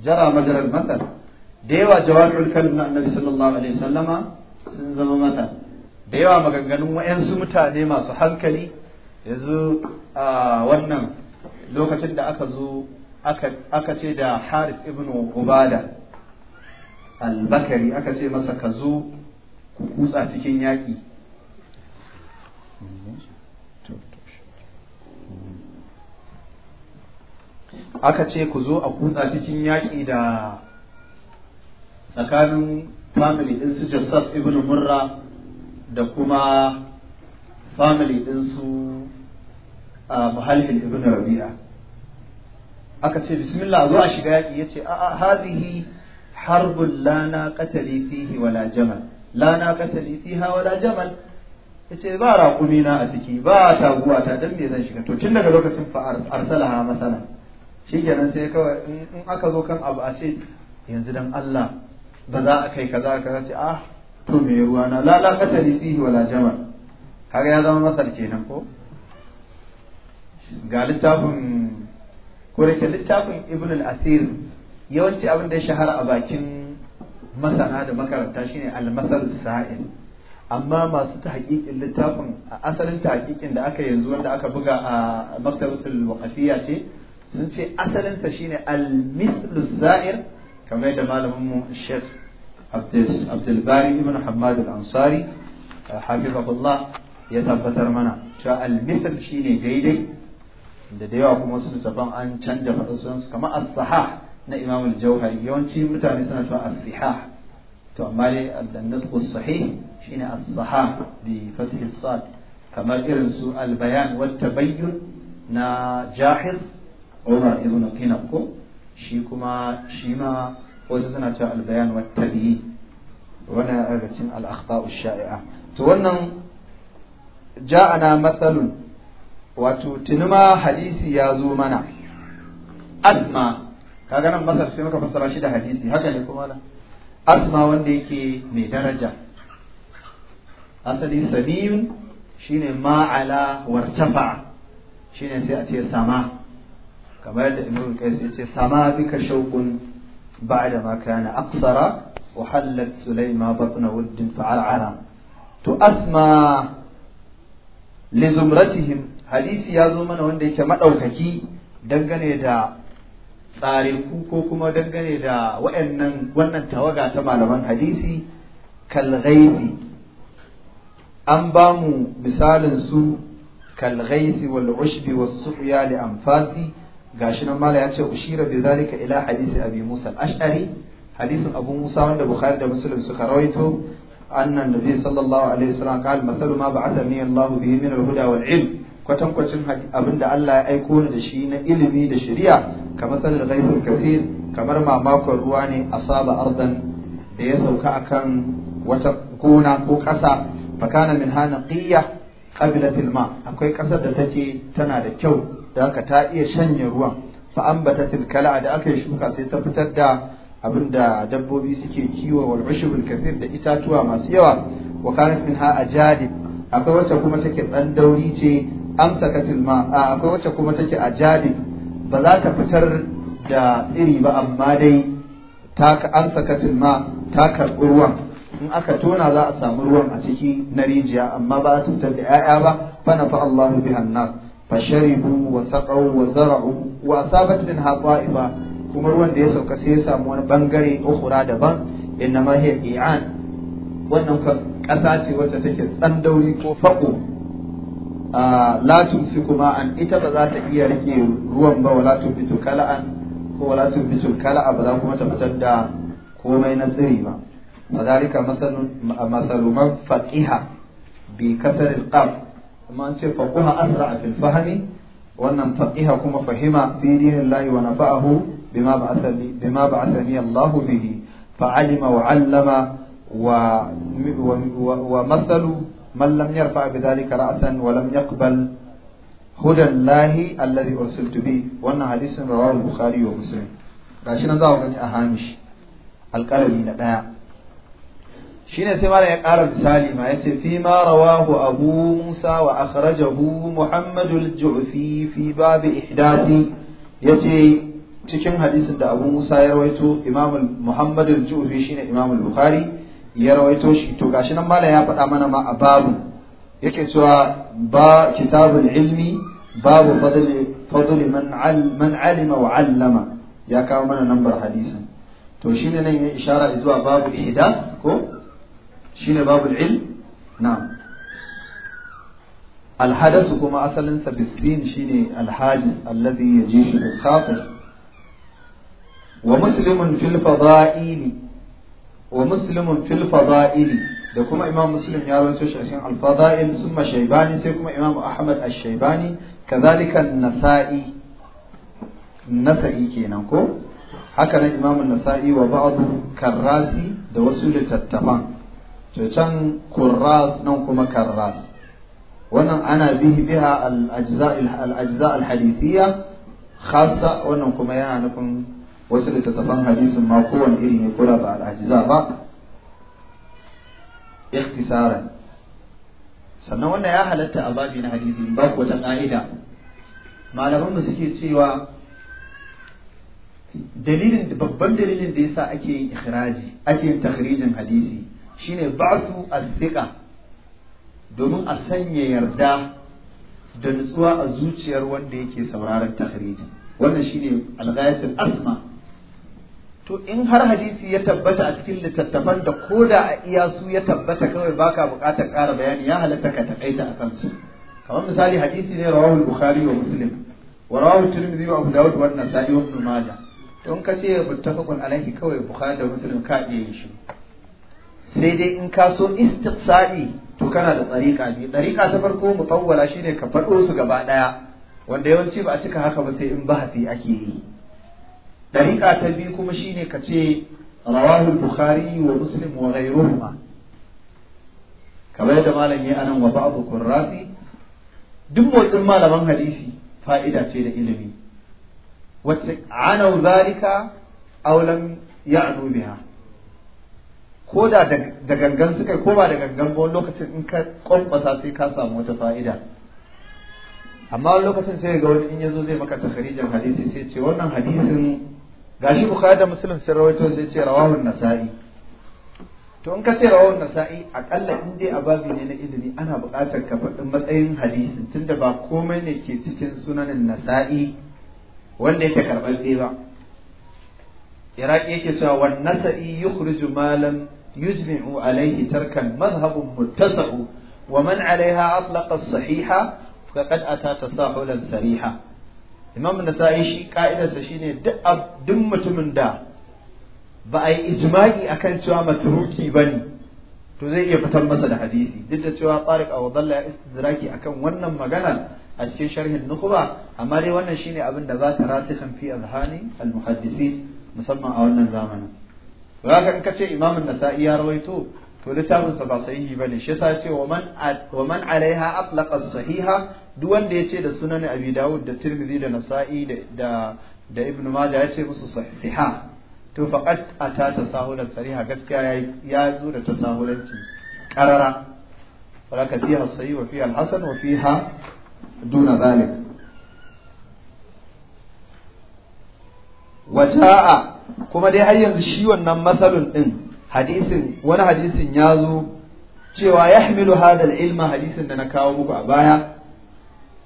jara majaral masar. da yawa jawabul kalim na annabi sallallahu alaihi wasallama sun zama masar. da yawa maganganun wayansu mutane masu hankali yanzu a wannan lokacin da aka zo aka ce da Harith ibn Ubada al-Bakari aka ce masa ka zo ku kutsa cikin yaƙi Hmm. aka ce ku zo a kutsa cikin yaƙi da tsakanin family ɗin su Joseph ibn Murra da kuma famili ɗin su ah, Muhallin ibn Rabi'a aka ce bismillah zo a shiga yaƙi ya ce, a hazihi harbin lana na qatali fihi wala jamal lana na fiha wala jamal yace ba raƙumi na a ciki ba taguwa ta dan me zan shiga to tun daga lokacin fa arsalaha shi kenan sai kawai in aka zo kan abu a ce yanzu dan Allah ba za a kai kaza ka ce ah to me ruwa na la la qatali fihi wala jama kaga ya zama masal kenan ko ga littafin ko da ke littafin ibn al-asir yawanci abin da ya shahara a bakin masana da makaranta shine al-masal sa'il amma masu ta haƙiƙin littafin a asalin ta haƙiƙin da aka yanzu wanda aka buga a maktabatul waqafiyya ce sun ce asalinsa shine al-mislu za'ir kamar da malamin mu Sheikh Abdul Bari ibn Hamad al-Ansari eh, hafizahullah ya tabbatar mana cewa al shine daidai da da yawa kuma su littafan an canja faɗa kamar as-sahah na Imam al-Jauhari yawanci mutane suna cewa as-sihah to amma dai al-nasbu sahih shine as-sahah bi fathi sad kamar irin su al-bayan wal tabayyun na jahir Umar ibn Kinab ko shi kuma shi ma wasu suna cewa al-bayan wat tabi'i wannan daga cikin al-akhta'u shai'a to wannan ja'ana mathalun wato tunuma hadisi ya zo mana asma kaga nan masar sai muka fassara shi da hadisi haka ne kuma asma wanda yake mai daraja asali samiyun shine ma'ala wartafa shine sai a ce sama kamar yadda ibn qais ya ce sama bika shauqun ba'da ma kana aqsara wa hallat sulaima batna wuddin fa'al'aram to asma li zumratihim hadisi ya zo mana wanda yake madaukaki dangane da tsariku ko kuma dangane da wa'annan wannan tawaga ta malaman hadisi ghaibi an ba mu misalin su ghaibi wal ushbi was suhya li anfasi gashi nan mala ya ce ushira bi zalika ila hadisi abi musa al-ash'ari hadisin abu musa wanda bukhari da muslim suka rawaito anna nabi sallallahu alaihi wasallam qala mathalu ma ba'athani allah bihi min al-huda wal ilm kwatankwacin abin da Allah ya aiko ni da shi na ilimi da shari'a kamar sanin ghaibul kafir kamar mamakon ruwa ne a saba ardan da ya sauka akan wata gona ko ƙasa fakana min hana qiyya qabilatil ma akwai ƙasar da take tana da kyau da haka ta iya shanye ruwan fa ambatatil kala da aka shuka sai ta fitar da abinda dabbobi suke kiwo wal ushbul kafir da itatuwa masu yawa wa kanat minha ajadib akwai wacce kuma take tsandauri ce amsakatil ma akwai wacce kuma take a jadin ba za ta fitar da tsiri ba amma dai ta ka tilma, ta karɓi ruwan in aka tona za a samu ruwan a ciki na rijiya amma ba a ta da 'ya'ya ba fa nafa Allahu bihannas. nas fasharibu wa saqaw wa zara'u wa asabat min haqa'iba kuma ruwan da ya sauka sai ya samu wani bangare ukura daban inna ma hiya i'an wannan kasa ce wacce take tsandauri ko faqo la tumsiku ma'an ita ba za ta iya rike ruwan ba wala tumbitu kala'an ko wala tumbitu kala'a ba za kuma ta da komai na tsiri ba fadalika masalu man faqiha bi kasar alqaf amma an ce faquha asra fil fahmi wannan faqiha kuma fahima fi dinillahi wa nafa'ahu bima ba'athani bima ba'athani Allah bihi wa 'allama wa masalu من لم يرفع بذلك رأسا ولم يقبل هدى الله الذي أرسلت به وأن حديث رواه البخاري ومسلم gashi nan za ku gani a hamish alƙalami na ɗaya shine sai malam ya ƙara misali ma yace fi ma rawahu abu musa wa akhrajahu muhammad al-ju'fi fi bab ihdasi yace cikin hadisin da abu musa ya rawaito imamul muhammadul jufi shine imam al-bukhari ya rawaito shi to gashi nan malam ya faɗa mana ma a babu yake cewa ba kitabul ilmi babu fadli man man alima wa allama ya kawo mana lambar hadisin to shi ne nan ya ishara zuwa babu ihda ko shi ne babu ilm shi ne كما أصل بالسين شيني الحاجز الذي يجيش بالخاطر ومسلم في الفضائل wa muslimun fil da kuma imam muslim ya rawaito shi cikin al-fada'il summa shaybani sai kuma imam ahmad ash-shaybani kadhalika an-nasa'i nasa'i kenan ko haka nan imam an-nasa'i wa ba'du karrasi da wasu littattafan to can kurras nan kuma karras wannan ana bihi biha al-ajza' al-ajza' al-hadithiyya khassa wannan kuma yana nufin wasu littattafan hadisin ma kowane iri ne ko ba al'ajiza ba ikhtisaran sannan wannan ya halatta a babi na hadisi ba wata ka'ida malaman mu suke cewa dalilin babban dalilin da yasa ake yin ikhraji ake yin takhrijin hadisi shine ba'su as-thiqa domin a sanya yarda da nutsuwa a zuciyar wanda yake sauraron takhrijin wannan shine al-ghayatul asma' to in har hadisi ya tabbata a cikin littattafan da ko da a iya su ya tabbata kawai baka buƙatar ƙara bayani ya halatta ka taƙaita a kansu kamar misali hadisi ne rawahul bukhari wa muslim wa rawahul tirmidhi wa abu dawud wa nasa'i wa ibn majah to in ka ce muttafaqun alayhi kawai bukhari da muslim ka iya shi sai dai in ka so istiqsa'i to kana da tsarika ne tsarika ta farko mutawwala shine ka faɗo su gaba ɗaya wanda yawanci ba a cika haka ba sai in bahasi ake yi dariƙa ta biyu kuma shine ka ce rawahul bukhari wa muslim wa ghayruhuma kamar da malam ya anan wa ba'd qurrasi duk motsin malaman hadisi fa'ida ce da ilimi wacce anau zalika aw lam ya'nu biha ko da da gangan suka ko ba da gangan ba lokacin in ka kwankwasa sai ka samu wata fa'ida amma lokacin sai ga wani in yazo zai maka takhrijin hadisi sai ce wannan hadisin gashi bukhari da muslim sun rawaito sai ce rawahun nasa'i to in ka ce rawahun nasa'i akalla in dai a babi ne na ilimi ana buƙatar ka faɗi matsayin hadisin tunda ba komai ne ke cikin sunanin nasa'i wanda yake karɓaɓɓe ba iraki yake cewa wan nasa'i yukhriju malam yujmi'u alayhi tarkan madhhabun muttasa'u wa man alaiha atlaqa as-sahiha faqad ata tasahulan sariha imam nasa'i shi ka'idarsa shine duk duk mutumin da ba a yi ijma'i akan cewa ba ne to zai iya fitar masa da hadisi duk da cewa tariq aw dalla ya a akan wannan magana a cikin sharhin nukhba amma dai wannan ne abin da za ta rasikan fi alhani al muhaddisin musamman a wannan zamanin to haka in kace imam nasa'i ya rawaito to littafin sa ba sahihi bane shi yasa ce wa man wa man alaiha atlaqa sahiha duk wanda yace da sunan abi dawud da tirmidhi da nasa'i da da ibnu majah yace musu sahiha to faqat ata tasahulan sariha gaskiya ya zo da tasahulanci qarara falaka fiha sahih wa fiha alhasan wa fiha duna dhalik wa kuma dai har yanzu shi wannan matsalun din hadisin wani hadisin ya zo cewa yahmilu hadal ilma hadisin da na kawo muku a baya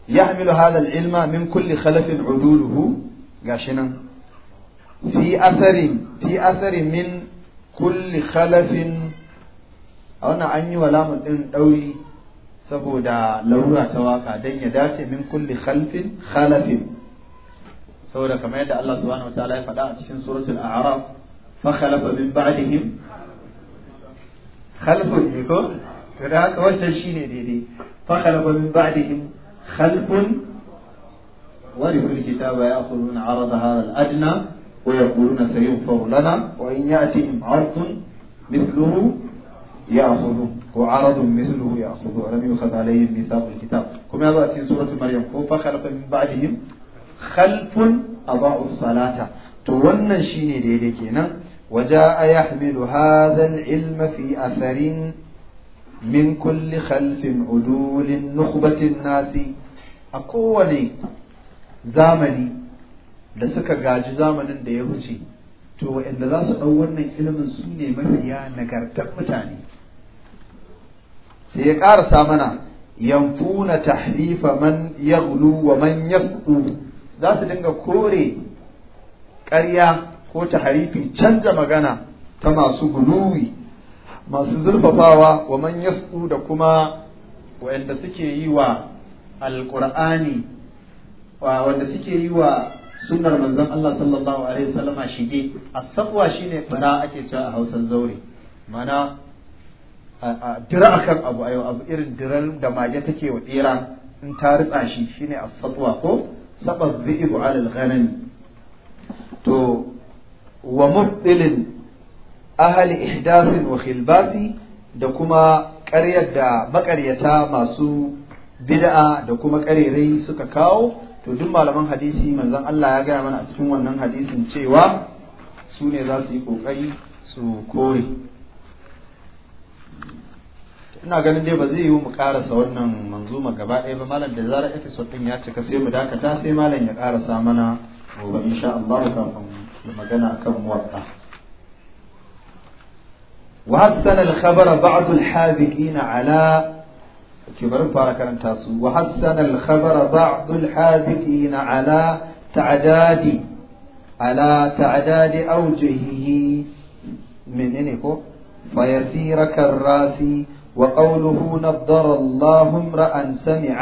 yahmilu hadal ilma min kulli khalafin uduluhu gashi nan fi asarin fi asarin min kulli khalafin a wannan an yi walamun din ɗauri saboda laura ta waka dan ya dace min kulli khalfin khalafin saboda kamar yadda Allah subhanahu wa ta'ala ya faɗa a cikin suratul a'raf فخلف من بعدهم خلف ne ko to da haka فخلف من بعدهم خلف ورثوا الكتاب يأخذون عرض هذا الأدنى ويقولون سيغفر لنا وإن يأتهم عرض مثله يأخذه وعرض مثله يأخذه ولم يؤخذ عليهم ميثاق الكتاب كما يضع في سورة مريم فخلق من بعدهم خلف أضاعوا الصلاة تولنا شيني يعني ديدي كينا وجاء يحمل هذا العلم في أثر من كل خلف عدول نخبة الناس أقوى zamani da suka gaji zamanin da ya wuce to waɗanda za su ɗau wannan ilimin su ne mafiya nagartar mutane sai ya ƙarasa mana yamfuna tahrifa man yaghlu wa man yafqu za su dinga kore ƙarya ko ta harifin canja magana ta masu guluwi masu zurfafawa wa man yasu da kuma wanda suke yi wa alqur'ani wanda suke yi wa sunnar manzon Allah sallallahu alaihi wasallama shige as-safwa shine fara ake cewa a Hausar zaure mana a dira akan abu ayo abu irin diran da mage take wa dira in ta ritsa shi shine as-satwa ko sabab bi'u 'ala al-ghanam to wa mubtilin ahali ihdasin wa da kuma ƙaryar da maƙaryata masu bid'a da kuma ƙarerai suka kawo to duk malaman hadisi manzon Allah ya gaya mana a cikin wannan hadisin cewa su ne za su yi ƙoƙari su kore ina ganin dai ba zai yiwu mu karasa wannan manzuma gaba ɗaya ba malam da zarar episode ɗin ya cika sai mu dakata sai malam ya karasa mana gobe insha Allah kafin da magana kan muwatta wa hassana al-khabara ba'd al-habiqin ala ke bari fara karanta su wa hassana al-khabara ba'd al-habiqin ala ta'dadi ala ta'dadi awjihihi menene ko fa yasira karrasi وقوله نضر الله امرأ سمع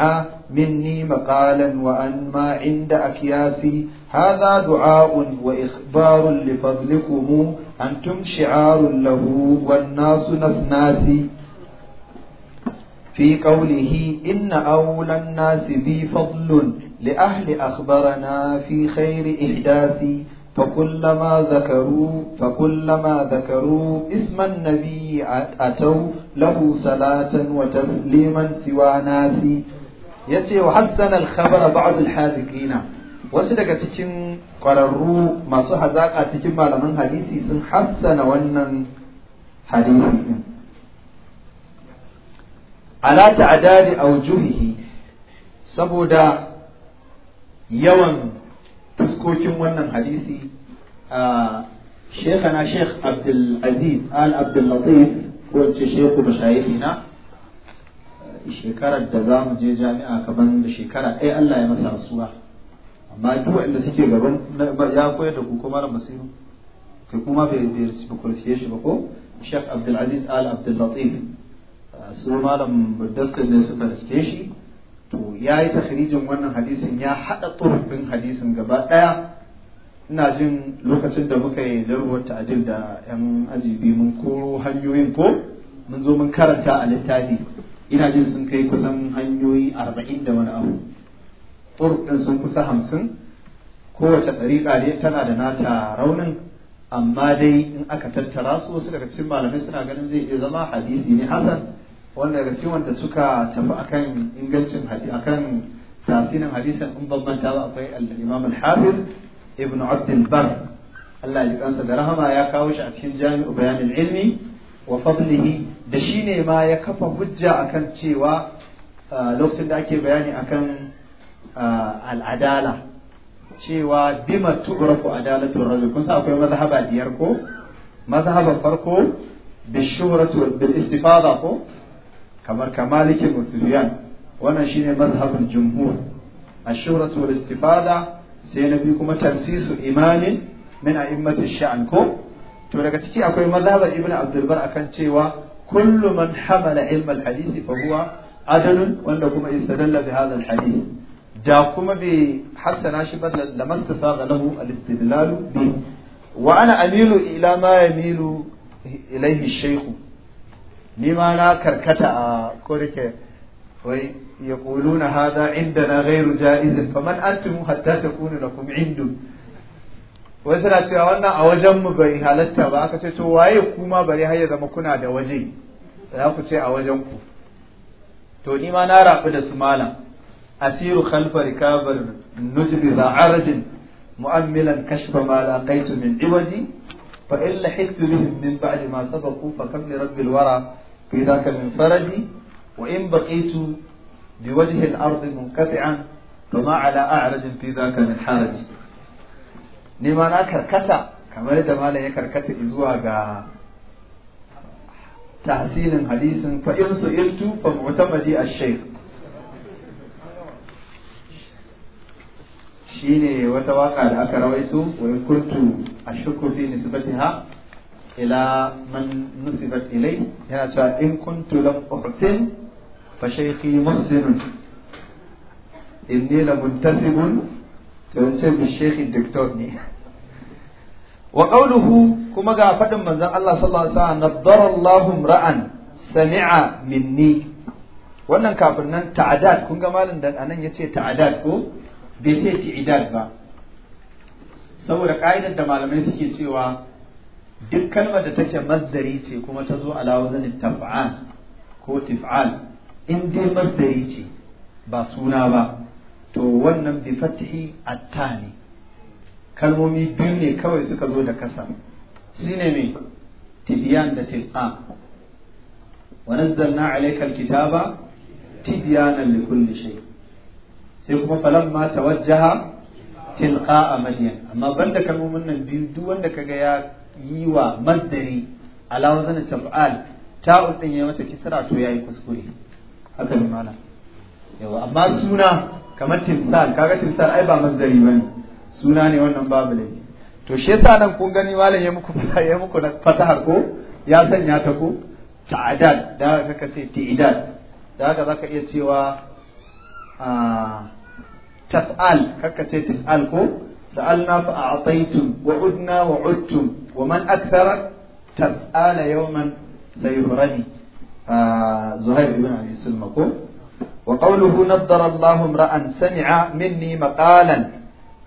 مني مقالا وأن ما عند أكياسي هذا دعاء وإخبار لفضلكم أنتم شعار له والناس نفناسي في قوله إن أولى الناس بي فضل لأهل أخبرنا في خير إحداثي فكلما ذكروا فكلما ذكروا اسم النبي أتوا له صلاة وتسليما سوى ناسي يتي وحسن الخبر بعض الحاذقين wasu daga cikin ƙwararru masu hazaƙa cikin malaman hadisi sun hassana wannan hadisi din ala ta'adadi aujuhihi saboda yawan fuskokin wannan hadisi a shekana shekh abdulaziz al abdullatif ko ce sheku mashayihina shekarar da za mu je jami'a kaban da shekara ɗaya Allah ya masa rasuwa amma duk wanda suke gaban ya koyar da ku ko malam basiru kai kuma bai bai kursiye shi ba ko Sheikh Abdul Aziz Al Abdul Latif ah, su malam Mudassir ne suka riske shi to yayi takhrijin wannan hadisin ya hada turfin hadisin gaba daya ina jin lokacin da muka yi jarruwar ta'adil da yan ajibi mun koro hanyoyin ko mun zo mun karanta a littafi ina jin sun kai kusan hanyoyi arba'in da wani abu turuk ɗin sun kusa hamsin kowace ɗariƙa ne tana da nata raunin amma dai in aka tattara su wasu daga cikin malamai suna ganin zai iya zama hadisi ne hasan wanda daga cikin wanda suka tafi akan ingancin hadisi akan tasirin hadisin in ban manta ba akwai al-Imam hafiz Ibn Abd bar Allah ya kansa da rahama ya kawo shi a cikin Jami'u bayanin al-Ilmi wa fadlihi da ne ma ya kafa hujja akan cewa ah, lokacin da ake bayani akan al'adala cewa bima tugrafu adalatul rajul kun san akwai mazhaba biyar ko mazhaban farko bishuratu bil istifada ko kamar ka maliki musuliyan wannan shine mazhabin jumhur ashuratu wal istifada sai na bi kuma tarsisu imanin min a'immati sha'an ko to daga ciki akwai mazhab ibnu Abdulbar bar akan cewa kullu man hamala ilm al hadisi fa huwa adalun wanda kuma isa bi hadha hadisi. da kuma bai hassana shi ba laman ta saga lahu al-istidlalu bi wa ana amilu ila ma yamilu ilayhi shaykh ni ma na karkata a ko dake wai yaquluna hadha indana ghairu jaiz faman antum hatta takunu lakum indu wai suna cewa wannan a wajen mu bai halatta ba aka ce to waye kuma bare har ya zama kuna da waje za ku ce a wajen ku to ni ma na rabu da su malam asiru khalfa rikabar nujbi za arajin mu'ammilan kashfa ma laqaitu min iwaji fa in lahiqtu bihim min ba'di ma sabaqu fa kam li wara fi dhaka min faraji wa in baqitu بوجه الأرض منقطعا فما على أعرج في ذاك من حرج نما كركتا kamar da malam ya karkata zuwa ga tahsilin hadisin fa in su'iltu shine wata waka da aka rawaito wa in kuntu ashukku fi nisbatiha ila man nusibat ilai yana cewa in kuntu lam uhsin fa shaykhi muhsin inni la muntasibun to yace bi shaykhi doktor ne wa qawluhu kuma ga fadin manzon Allah sallallahu alaihi wasallam nadara Allahu ra'an sami'a minni wannan kafin nan ta'adat kun ga malin dan anan yace ta'adat ko bai iya idad ba saboda ka'idar da malamai suke cewa duk kalmar da take masdari ce kuma ta zo a wazanin ko tif'al in dai masdari ce ba suna ba to wannan bi fathi ne kalmomi biyu ne kawai suka zo da kasa shine ne tibiyan da til'a wa nazzalna alayka alkitaba tibyanan likulli shay sai kuma falamma tawajjaha tilqa a madiyan amma banda kalmomin nan biyu duk wanda kaga ya yi wa masdari ala wazan taf'al ta'u din ya mata kisra to yayi kuskure haka ne mana yawa amma suna kamar timsal kaga timsal ai ba masdari bane suna ne wannan babu ne to shi yasa nan kun gani malam ya muku ya muku fasahar ko ya sanya ta ko ta'adad da haka ce ti'idad da haka zaka iya cewa a ah, taf'al kakka ce taf'al ko sa'alna fa a'taytum wa udna wa udtum wa man akthara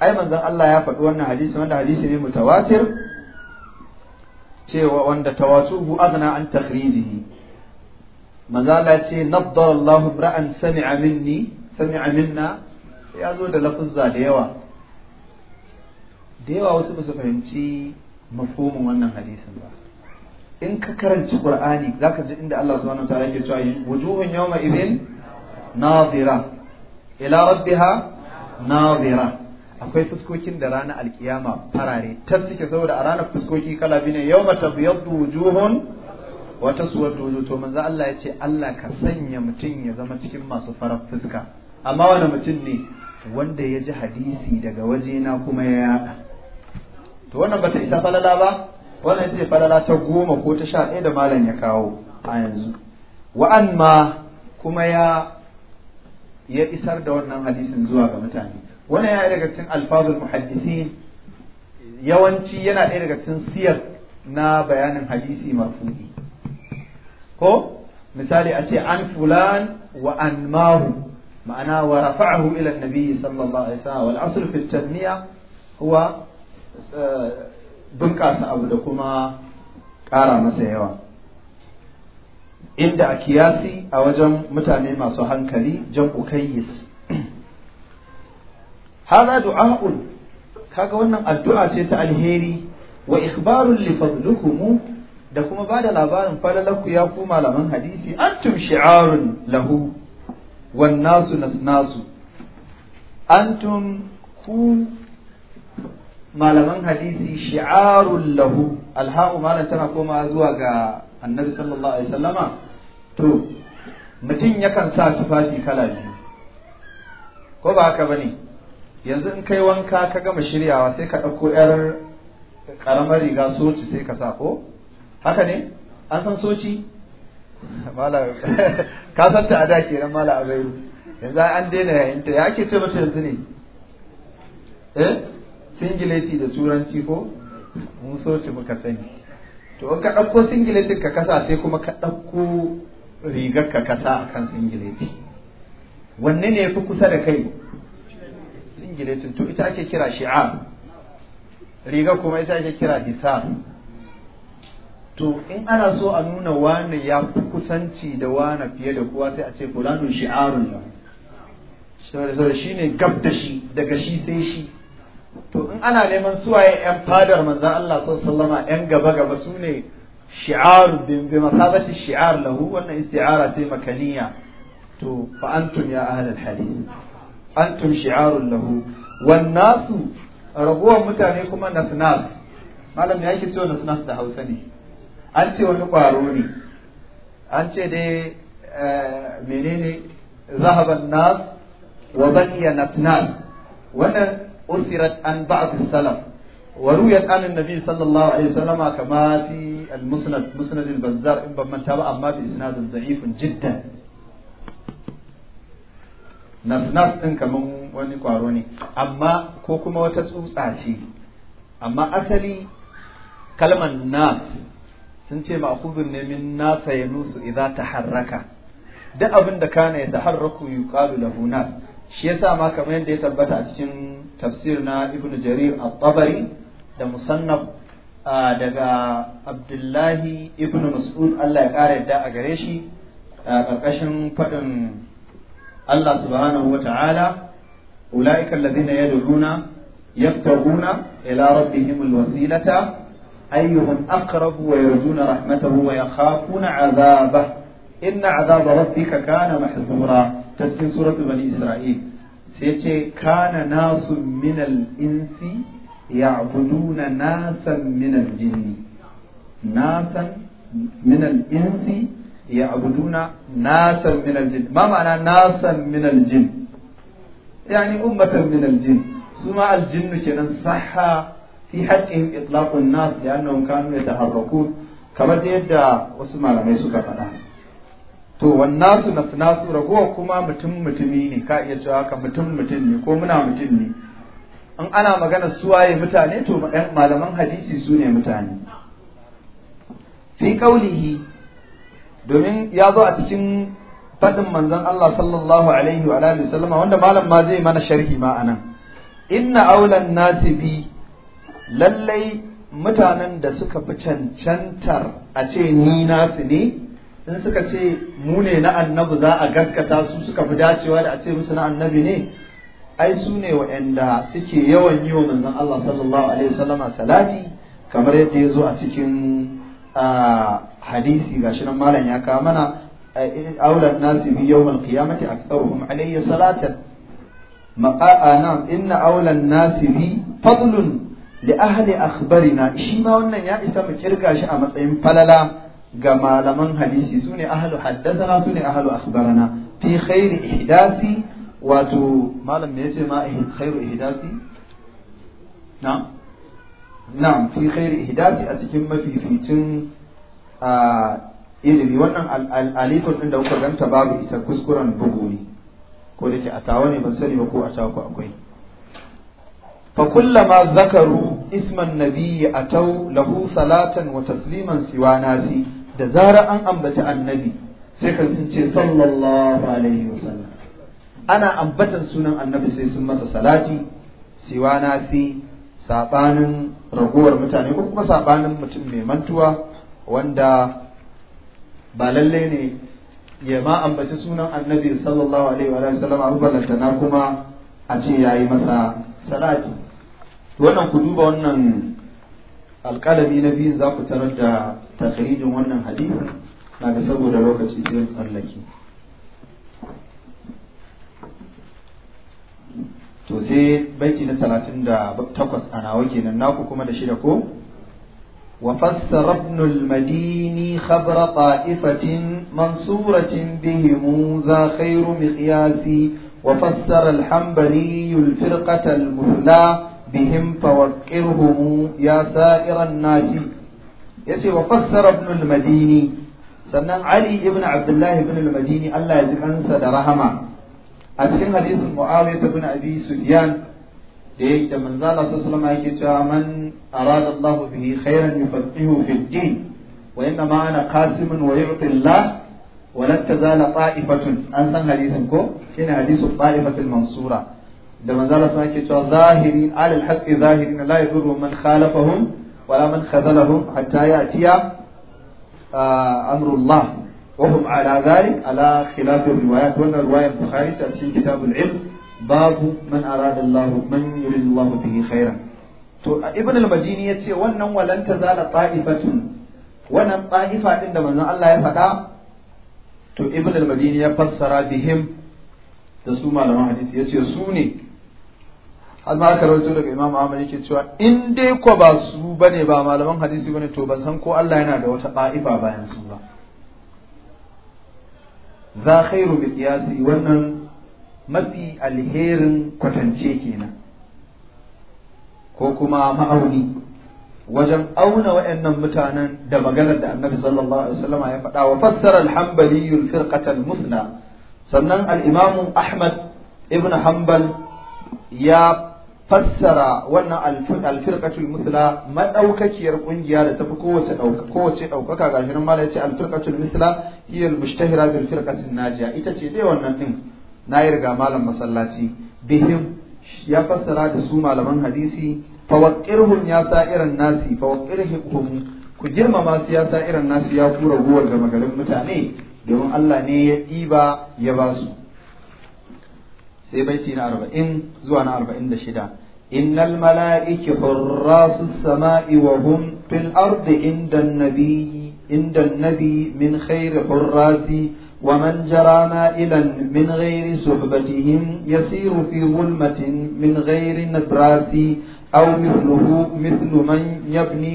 ya faɗi wannan hadisi wanda hadisi an ya zo da lafuzza da yawa da yawa wasu basu fahimci mafhumin wannan hadisin ba in ka karanci qur'ani zaka ji inda Allah subhanahu wataala yake cewa wujuhun yawma idhin nadira ila rabbiha nadira akwai fuskokin da ranar alkiyama farare ta suke saboda a ranar fuskoki kala biyu ne yawma tabyaddu wujuhun wa taswaddu wujuh to manzo Allah ya ce Allah ka sanya mutum ya zama cikin masu farar fuska amma wani mutum ne wanda ya ji hadisi daga wajena kuma ya yada to wannan bata isa falala ba wannan ce falala ta goma ko ta sha ɗaya da malam ya kawo a yanzu wa'an ma kuma ya ya isar da wannan hadisin zuwa ga mutane wannan ya daga cikin alfazul muhaddisi yawanci yana ɗaya daga cikin siyar na bayanin hadisi marfu'i ko misali a ce an fulan wa an mahu معناه ورفعه إلى النبي صلى الله عليه وسلم والأصل في التثنية هو bunƙasa abu da kuma ƙara masa yawa inda a kiyasi a wajen mutane masu hankali jam'u kayyis hada du'a'un kaga wannan addu'a ce ta alheri wa ikhbarun li fadlukum da kuma bada labarin falalarku ya ku malaman hadisi antum shi'arun lahu Wannasu nasu antum ku malaman hadisi shi'arul lahu alha'u malam tana koma zuwa ga annabi sallallahu alaihi wasallama to mutum yakan sa tufafi kala biyu ko ba haka bane yanzu in kai wanka ka gama shiryawa sai ka ɗauko 'yar ƙaramar riga soci sai ka sa haka ne an san soci mala ka san ta ada kenan mala abai yanzu an daina yayin ta ya ake ce mata yanzu ne eh singileti da turanci ko mun so ce muka sani to in ka ɗauko singiletin ka kasa sai kuma ka ɗauko rigar ka kasa akan singileti wanne ne fi kusa da kai singiletin to ita ake kira shi'a rigar kuma ita ake kira hisar to in ana so a nuna wane ya fi kusanci da wane fiye da kowa sai a ce shi shi'arun nan shi ne gab da shi daga shi sai shi to in ana neman suwaye yan fadar manzan Allah sallama yan gaba gaba su ne shi'ar bi masabati shi'ar lahu wannan isti'ara sai makaniya to fa antum ya ahlal hadith antum shi'arun lahu wan nasu raguwar mutane kuma nasnas malam ya yake cewa nasnas da Hausa ne an ce wani ƙwaro ne an ce dai eh, menene zahaban nas wa baqiya nafnan wannan usirat an ba'd salaf wa ruwiyat an annabi sallallahu alaihi wasallam kama fi al-musnad musnad al-bazzar in ban manta ba amma bi isnad da'if jiddan nafnas din kaman wani kwaro ne amma ko kuma wata tsutsa ce amma asali kalmar nas sun ce ma'khudun ne min nasa idan idza taharraka duk abin da kana ya taharraku yuqalu lahu nas shi yasa ma kamar yadda ya tabbata a cikin tafsir na ibnu jarir at-tabari da musannaf daga abdullahi ibnu mas'ud Allah ya ƙara yadda a gare shi a ƙarƙashin faɗin Allah subhanahu wa ta'ala ulaika alladhina yad'una yabtaguna ila rabbihim alwasilata أيهم أقرب ويرجون رحمته ويخافون عذابه إن عذاب ربك كان محذورا تسكن سورة بني إسرائيل سيتي كان ناس من الإنس يعبدون ناسا من الجن ناسا من الإنس يعبدون ناسا من الجن ما معنى ناسا من الجن يعني أمة من الجن سمع الجن كنا صحة fi haƙƙin itlaqun nas da annahum kanu yataharrakun kamar da yadda wasu malamai suka faɗa to wannasu nafnasu ragowa kuma mutum mutumi ne ka iya cewa haka mutum mutum ko muna mutum in ana magana suwaye mutane to malaman hadisi su ne mutane fi kaulihi domin ya zo a cikin faɗin manzon Allah sallallahu alaihi wa alihi sallama wanda malam ma zai mana sharhi ma anan inna aulan nasi bi lallai mutanen da suka fi cancantar a ce ni na fi ne in suka ce mu ne na annabi za a gaskata su suka fi dacewa da a ce musu na annabi ne ai su ne wa'anda suke yawan yi wa manzon Allah sallallahu alaihi wasallama salati kamar yadda ya zo a cikin hadisi gashi nan malam ya kawo mana aulan nasi bi yawmal qiyamati aktharuhum alayya salatan ma'a inna aulan nasi bi fadlun li ahli akhbarina shi ma wannan ya isa mu kirga shi a matsayin falala ga malaman hadisi sune ahlu haddathana sune ahlu akhbarana fi khairi ihdasi wato malam me yace ma khairu ihdasi na'am na'am fi khairi ihdasi a cikin mafificin ilimi wannan alifun din da kuka ganta babu ita kuskuren bugu ne ko da ke a tawa ne ban sani ba ko a tawo ko akwai فكلما ذكروا اسم النبي أتوا له صلاة وتسليما سوى ناسي da zara an ambaci annabi sai kan sun ce sallallahu alaihi wasallam ana ambatan sunan annabi sai sun masa salati siwa nasi ragowar mutane ko kuma sabanin mutum mai mantuwa wanda ba lallai ne ya ma ambaci sunan annabi sallallahu alaihi wa sallam a rubalanta na kuma a ce yayi masa salati wannan ku duba wannan alƙalami na biyu za ku tarar da tasirijin wannan hadisi na ga saboda lokaci sai tsallake to sai baiti na talatin da takwas a nawa kenan naku kuma da shida ko وفسر ابن المديني خبر طائفة منصورة بهم ذا خير مقياس وفسر الحنبلي الفرقة المثلى بهم فوقرهم يا سائر الناس يسي وفسر ابن المديني sannan Ali ibn Abdullahi ibn madini Allah ya ji kansa da rahama a cikin hadisin Muawiya ibn Abi Sufyan da yake da manzo Allah sallallahu alaihi yake cewa man arada Allah bihi khairan yufaqihu fi din wa ma ana qasimun wa yu'ti Allah wa an san ko shine hadisu ta'ifatul mansura da manzo Allah sun yake cewa zahirin alal haqqi zahirin la yadurru man khalafahum wala man khazalahum hatta ya'tiya amrullah wa hum ala dhalik ala khilaf riwayat wa riwayat bukhari ta cikin kitabul ilm babu man arada Allah man yurid Allah bihi khairan to ibn al-madini yace wannan walanta zala ta'ifatun wannan ta'ifa din da manzon Allah ya faɗa to ibn al-madini ya fassara bihim da su malaman hadisi yace su ne har ma aka rawaito daga Imam Ahmad yake cewa in dai ko ba su bane ba malaman hadisi bane to ban san ko Allah yana da wata ba'ifa bayan su ba za khairu bi qiyasi wannan mafi alherin kwatance kenan ko kuma ma'auni wajen auna wa'annan mutanen da maganar da Annabi sallallahu alaihi wasallam ya faɗa wa fassara al-hanbali al muthna sannan al-Imam Ahmad ibn Hanbal ya fassara wannan alfirqatul musla madaukakiyar kungiya da tafi kowace dauka kowace daukaka ga shirin mala yace alfirqatul musla hiya almushtahira bil firqatin najiya ita ce dai wannan din nayi riga malam masallaci bihim ya fassara da su malaman hadisi fawaqqirhum ya irin nasi fawaqqirhum ku girmama su ya irin nasi ya kura ruwar ga magarin mutane domin Allah ne ya ɗiba ya ba su sai baiti na arba'in zuwa na arba'in da shida innal mala'iki hurrasu sama'i wa hum fil ardi inda nabi min khairi hurrasi ومن جرى مائلا من غير صحبتهم يسير في ظلمة من غير نبراس أو مثله مثل من يبني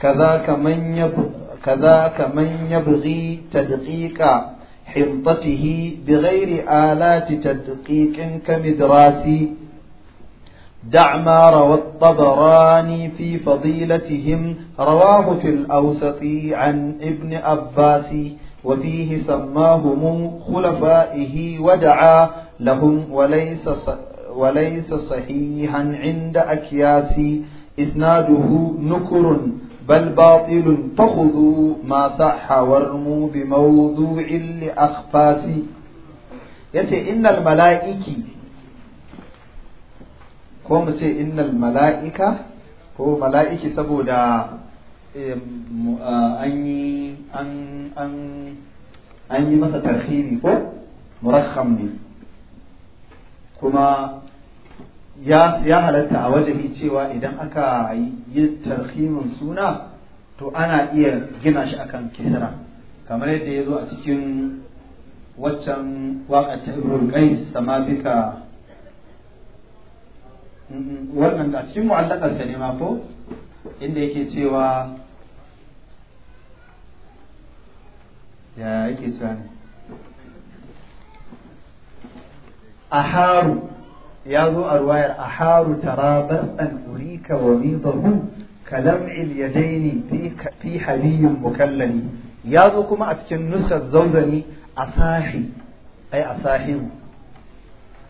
كذاك من يبقى كذاك من يبغي تدقيق حنطته بغير آلات تدقيق كمدراس دع ما روى الطبراني في فضيلتهم رواه في الأوسط عن ابن عباس وفيه سماهم خلفائه ودعا لهم وليس وليس صحيحا عند أكياس إسناده نكر بل باطل فخذوا ما صح وارموا بموضوع لأخفاس يتي إن الملائكة كوم إن الملائكة هو ملائكة سبودا أني أن أن أني مثل ترخيري مرخم لي كما ya halatta a wajibi cewa idan aka yi tarhimin suna to ana iya gina shi akan kisra kamar yadda ya zo a cikin waccan waƙa ta ibrul qais sama bika wannan a cikin mu'allakarsa ne ma ko inda yake cewa ya yake cewa ne a haru ya zo a ruwayar a haru tara basan urika wa midahu kalam'il yadaini fi hadiyin mukallani ya zo kuma a cikin nusar zauzani asahi ai asahihu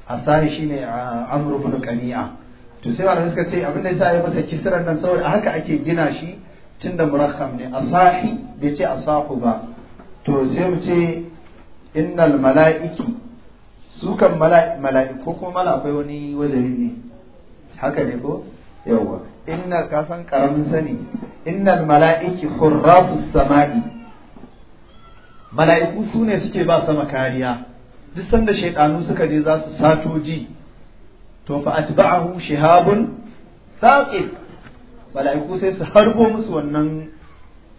asahi shine amru bin qani'a to sai wanda suka ce abinda yasa ya masa kisran nan saboda haka ake gina shi tunda murakkam ne asahi bai ce asahu ba to sai mu ce innal mala'iki su kan mala'iku ko mala akwai wani wajeri ne haka ne ko yawwa inna ka san karamin sani inna mala'iki hurrasu sama'i mala'iku su ne suke ba sama kariya duk sanda shaidanu suka je za su sato ji to fa atba'ahu shihabun thaqib mala'iku sai su harbo musu wannan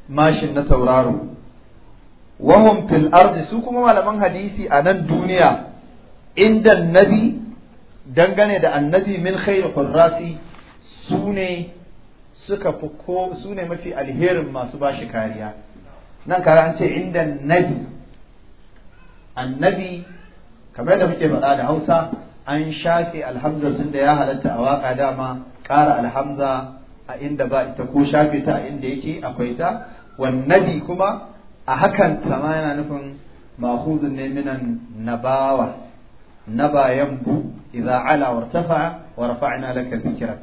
mashin na tauraro wahum fil ardi su kuma malaman hadisi a nan duniya inda nabi dangane da annabi min khairu qurrasi sune suka fi ko sune mafi alherin masu bashi kariya nan kare an ce inda nabi annabi kamar da muke faɗa da Hausa an shafe alhamza tun ya halatta a waka dama ƙara alhamza a inda ba ita ko shafe ta a inda yake akwai ta wannabi kuma a hakan ta ma yana nufin mahudun ne minan nabawa naba yambu iza ala wartafa wa rafa'na laka dhikrak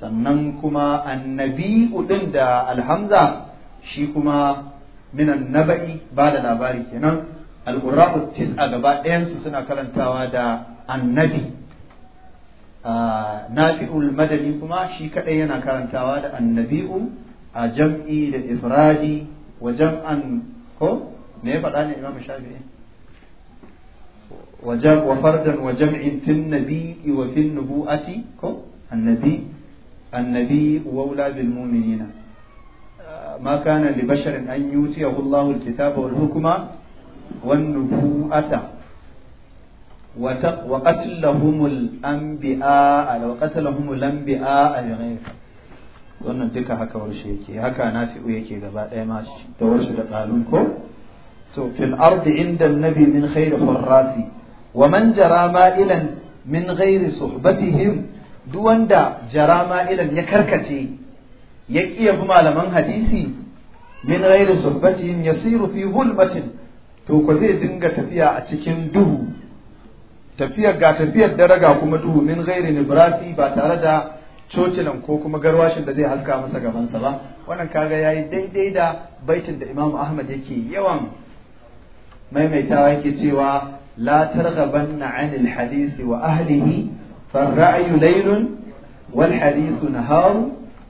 sannan kuma annabi ɗin da alhamza shi kuma minan naba'i ba da labari kenan al-qurra'u tis'a gaba ɗayansu suna karantawa da annabi nafi'ul madani kuma shi kadai yana karantawa da annabi'u a jam'i da ifradi wa jam'an ko me ya faɗa ne imam shafi'i وجمع وفردا وجمع في النبي وفي النبوءة النبي النبي وأولى بالمؤمنين ما كان لبشر أن يؤتيه الله الكتاب والحكمة والنبوءة وقتلهم الأنبياء وقتلهم الأنبياء بغير wannan duka haka warshe yake haka nafi'u yake gaba ɗaya ma da warshe da ɗalun ko to fil ardi inda nabi min khairi hurrasi wa man jara ma'ilan min ghairi suhbatihim duk wanda jara ma'ilan ya karkace ya kiya bi malaman hadisi min ghairi suhbatihim yasiru fi hulmatin to ko zai dinga tafiya a cikin duhu tafiyar ga tafiyar daraga kuma duhu min ghairi nibrati ba tare da cocilan ko kuma garwashin da zai haska masa gabansa ba wannan kaga yayi daidai da baitin da Imam Ahmad yake yawan maimaitawa yake cewa la targhabanna 'anil hadisi wa ahlihi فالرأي ليل والحديث نهار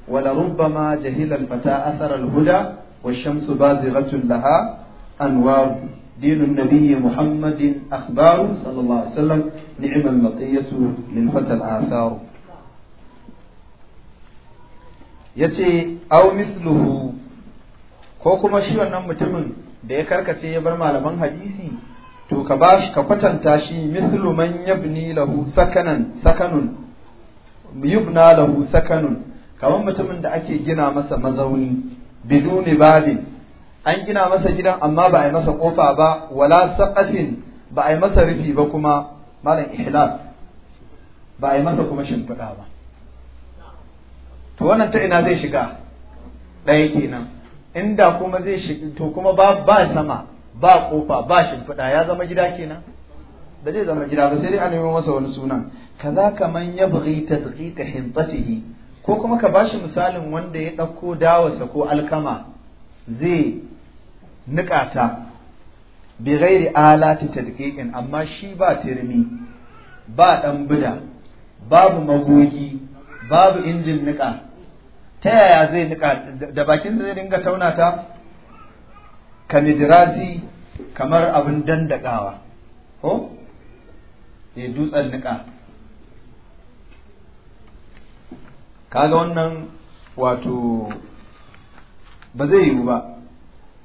ولربما جهل الفتى أثر الهدى والشمس بازغة لها أنوار دين النبي محمد أخبار صلى الله عليه وسلم نعم المطية من فتى الآثار yace au mithluhu ko kuma shi wannan mutumin da ya karkace ya bar malaman hadisi to ka bashi ka kwatanta shi mithlu man yabni lahu sakanan sakanun yubna lahu sakanun kamar mutumin da ake gina masa mazauni biduni babin an gina masa gidan amma ba a yi masa kofa ba wala saqatin ba a yi masa rufi ba kuma malam ihlas ba a yi masa kuma shimfiɗa ba to wannan ta ina zai shiga ɗaya kenan inda kuma zai shiga to kuma ba ba sama ba kofa ba shimfiɗa ya zama gida kenan ba zai zama gida ba sai dai a nemo masa wani sunan kaza kaman bughi tadqiqa hintatihi ko kuma ka bashi misalin wanda ya ɗauko dawasa ko alkama zai niƙata bi ghairi alati tadqiqin amma shi ba tirmi ba ɗan bida babu magogi babu injin niƙa ta yaya zai nika da bakin zai dinga tauna ta kamidirazi kamar abin dandakawa ko ya eh, dutsen nika kaga wannan wato ba zai yiwu ba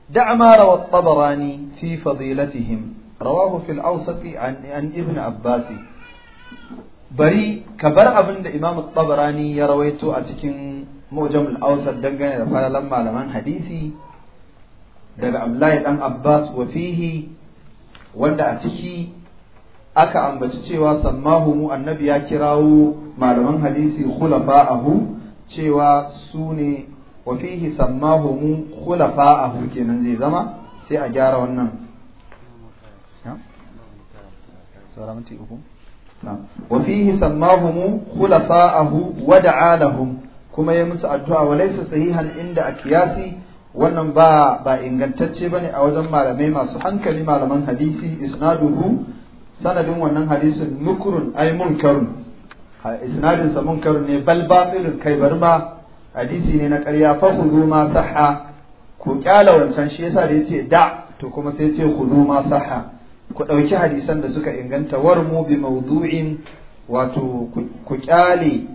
da'ama rawat tabarani fi fadilatihim rawahu fil awsati an ibn abbasi bari ka bar abin da imam tabarani ya rawaito a cikin mujamul awsat dangane da falalan malaman hadisi daga Abdullahi dan Abbas wa wanda a ciki aka ambaci cewa sammahu mu annabi ya kirawo malaman hadisi khulafa'ahu cewa su ne wa sammahu mu khulafa'ahu kenan zai zama sai a gyara wannan wa sammahu mu kuma ya musu addu'a walaysa sahihan inda a kiyasi wannan ba ba ingantacce bane a wajen malamai masu hankali malaman hadisi isnaduhu sanadin wannan hadisin nukurun ay munkarun isnadin sa munkarun ne bal batilun kai bar ba. hadisi ne na ƙarya fa khudhu ma sahha ku kyala wancan shi yasa da yace da to kuma sai yace khudhu ma sahha ku ɗauki hadisan da suka inganta mu bi mawdu'in wato ku kyale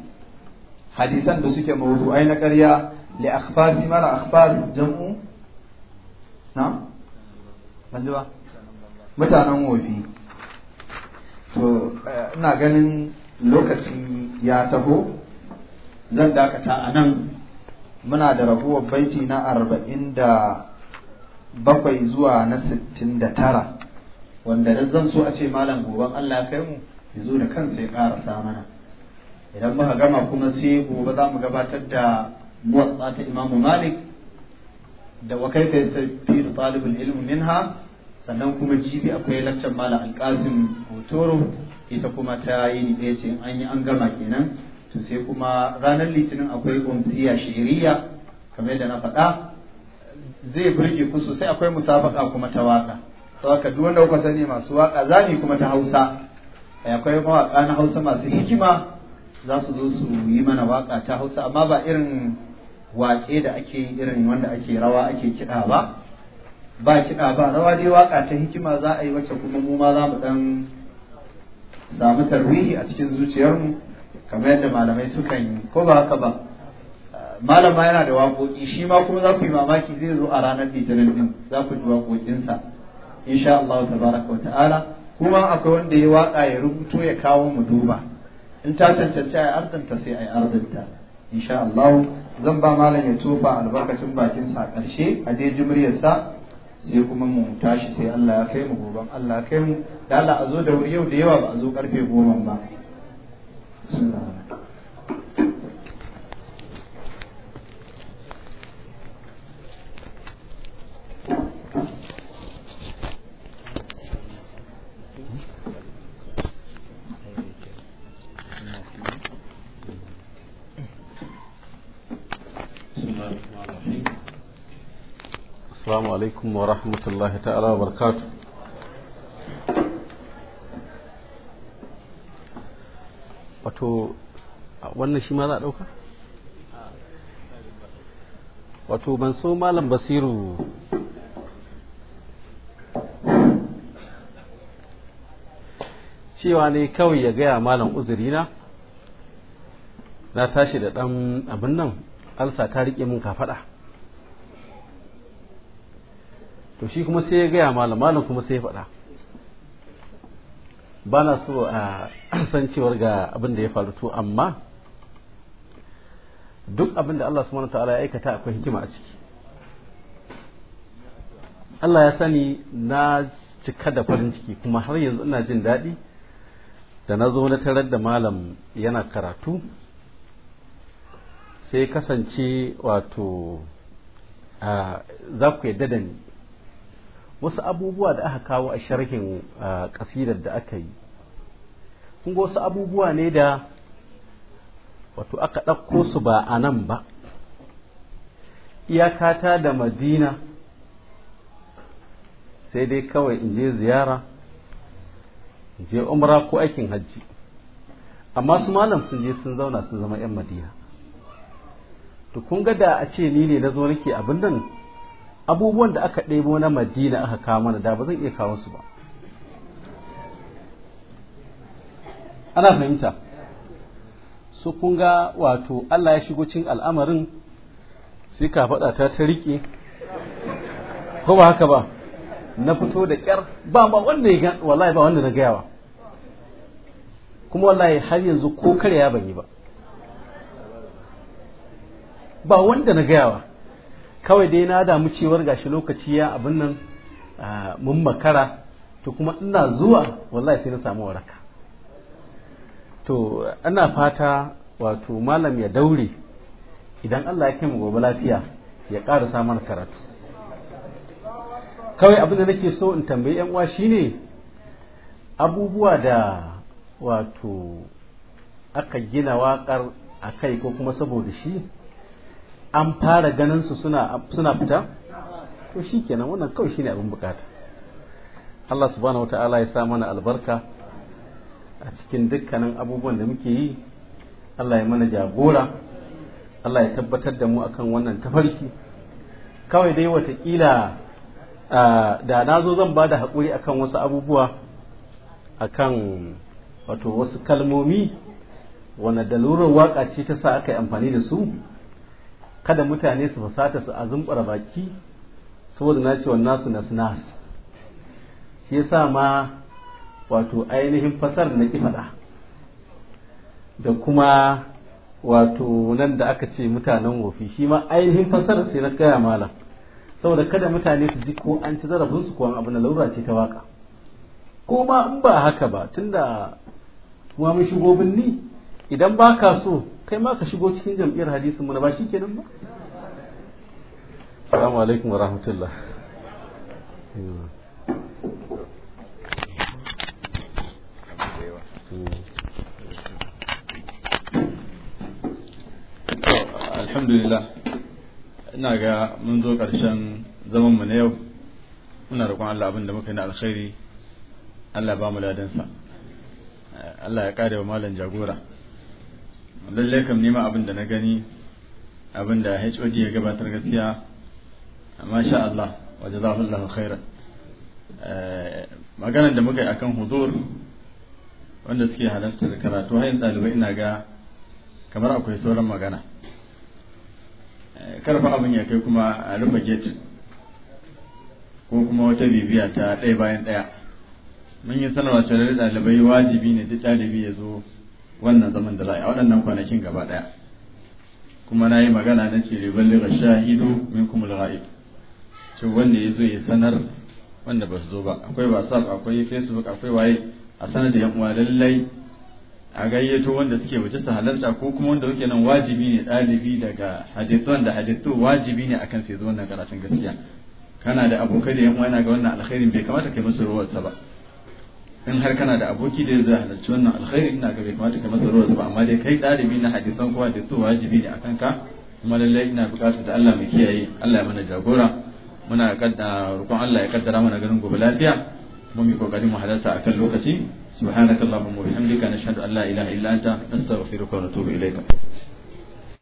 hadisan da suke ai na ƙarya li mara akhbar jam'u na banjuwa mutanen wofi to eh, ina ganin lokaci ya taho zan dakata a nan muna da rabuwar baiti na arba'in da bakwai zuwa na sittin da tara wanda zan so a ce malam goban Allah ya kai mu ya zo da kansa ya ƙarasa mana idan muka gama kuma sai gobe za mu gabatar da muwatsa ta imamu malik da wa kai kaifa yastafidu talibul ilmi minha sannan kuma jibi akwai laccan mala alƙazin hotoro ita kuma ta yi ni ɗaya ce an yi an gama kenan to sai kuma ranar litinin akwai umfiya shiriya kamar yadda na faɗa zai burge ku sosai akwai musabaka kuma ta waka sawaka duk wanda kuka sani masu waka zani kuma ta Hausa akwai mawaka na Hausa masu hikima za su zo su yi mana waka ta hausa amma ba irin wake da ake irin wanda ake rawa ake kiɗa ba ba kiɗa ba rawa dai waka ta hikima za a yi wacce kuma mu ma za mu ɗan samu tarwihi a cikin zuciyarmu kamar yadda malamai sukan yi ko ba haka ba malama yana da waƙoƙi shi ma kuma za ku yi mamaki zai zo a ranar litinin din za ku ji waƙoƙinsa insha Allah tabaraka wa ta'ala kuma akwai wanda ya waka ya rubuto ya kawo mu duba in ta cancanci a ardanta sai a yi ardanta sha Allah zan ba malam ya tofa albarkacin bakinsa a ƙarshe a dai jimriyarsa sai kuma mu tashi sai Allah ya kai mu goban Allah ya kai mu da Allah a zo da wuri yau da yawa ba a zo karfe goma ba السلام عليكم ورحمة الله تعالى وبركاته wato wannan shi ma za a ɗauka? wato ban so malam basiru cewa ne kawai ya gaya malam uzurina na tashi da ɗan abin nan alsa ta riƙe min kafaɗa to shi kuma sai ya gaya malam malam kuma sai ya faɗa ba na so a san cewar ga abin da ya faru to amma duk abin da Allah subhanahu ta'ala ya aikata akwai hikima a ciki Allah ya sani na cika da farin ciki kuma har yanzu ina jin daɗi da na zo na tarar da malam yana karatu sai kasance wato za ku yadda da ni wasu abubuwa da aka kawo a sharhin kasidar da aka yi kun wasu abubuwa ne da wato aka ɗauko su ba a nan ba iyakata da madina sai dai kawai in je ziyara in je umra ko aikin hajji amma su malam sun je sun zauna sun zama 'yan madina to kun ga da a ce ni ne na zo nake abin nan abubuwan da aka ɗebo na madina aka kawo mana da ba zan iya kawo su ba ana fahimta su kun ga wato Allah ya shigo cin al'amarin sai ka faɗa ta ta riƙe ko ba haka ba na fito da ƙyar ba ba wanda ya wallahi ba wanda na ba kuma wallahi har yanzu ko karya ban yi ba ba wanda na gayawa kawai dai na damu cewar gashi lokaci ya abin nan mun makara to kuma ina zuwa wallahi sai na samu waraka to ana fata wato malam ya daure idan Allah ya kaimu mu gobe lafiya ya ƙara samun karatu kawai abin da nake so in tambayi yan uwa shine abubuwa da wato aka gina waƙar a kai ko kuma saboda shi an fara ganin su suna suna fita to shikenan wannan kawai shine abin bukata Allah subhanahu wataala ya sa mana albarka a cikin dukkanin abubuwan da muke yi Allah ya mana jagora Allah ya tabbatar da mu akan wannan tafarki kawai dai watakila da na zo zan ba da haƙuri akan wasu abubuwa akan wato wasu kalmomi wane dalurar waka ce ta sa aka yi amfani da su kada mutane su fasata su a zumbura baki saboda na ce wannan su nasu nasu shi yasa ma wato ainihin fasar na ki faɗa da kuma wato nan da aka ce mutanen wofi shi ma ainihin fasar sai na gaya malam saboda kada mutane su ji ko an ci su ko abu na laura ce ta waka ko ma in ba haka ba tunda kuma mun shigo binni idan baka so kai ma ka shigo cikin jam'iyyar hadisin mu na ba shi kenan ba assalamu alaikum wa rahmatullah alhamdulillah ina ga mun zo ƙarshen zaman mu na yau muna roƙon Allah abin da muka yi na alkhairi Allah ba mu ladansa eh, Allah ya ƙare wa malam jagora lalle kam nema abin da na gani abin da HOD ya gabatar gaskiya amma sha Allah wa jazakallahu khairan eh, maganar da muka yi akan huzur wanda suke halartar karatu hayan ɗalibai ina ga kamar akwai sauran magana eh, karfa abin ya kai kuma a rufe gate ko kuma wata bibiya ta ɗaya bayan ɗaya mun yi sanarwa cewa ɗalibai wajibi ne duk ɗalibi ya zo wannan zaman da za a waɗannan kwanakin gaba ɗaya kuma na yi magana na ce ribar shahidu min kuma ghaib to wanda ya zo ya sanar wanda ba su zo ba akwai whatsapp akwai facebook akwai waye a sanar da yan uwa lallai a gayyato wanda suke waje su halarta ko kuma wanda suke nan wajibi ne ɗalibi daga hadithuwan da hadithu wajibi ne akan sai zo wannan karatun gaskiya kana da abokai da yan uwa yana ga wannan alkhairin bai kamata kai musu ruwarsa ba in har kana da aboki da zai halarci wannan alkhairi ina ga bai kamata ka masa ruwa ba amma dai kai ɗalibi na hadisan ko hadisu wajibi ne akan ka kuma lallai ina buƙatar da Allah mu kiyaye Allah ya mana jagora muna kadda rukun Allah ya kaddara mana ganin gobe lafiya kuma mu kokarin mu halarta akan lokaci subhanakallahumma wa bihamdika nashhadu an la ilaha illa anta nastaghfiruka wa natubu ilayka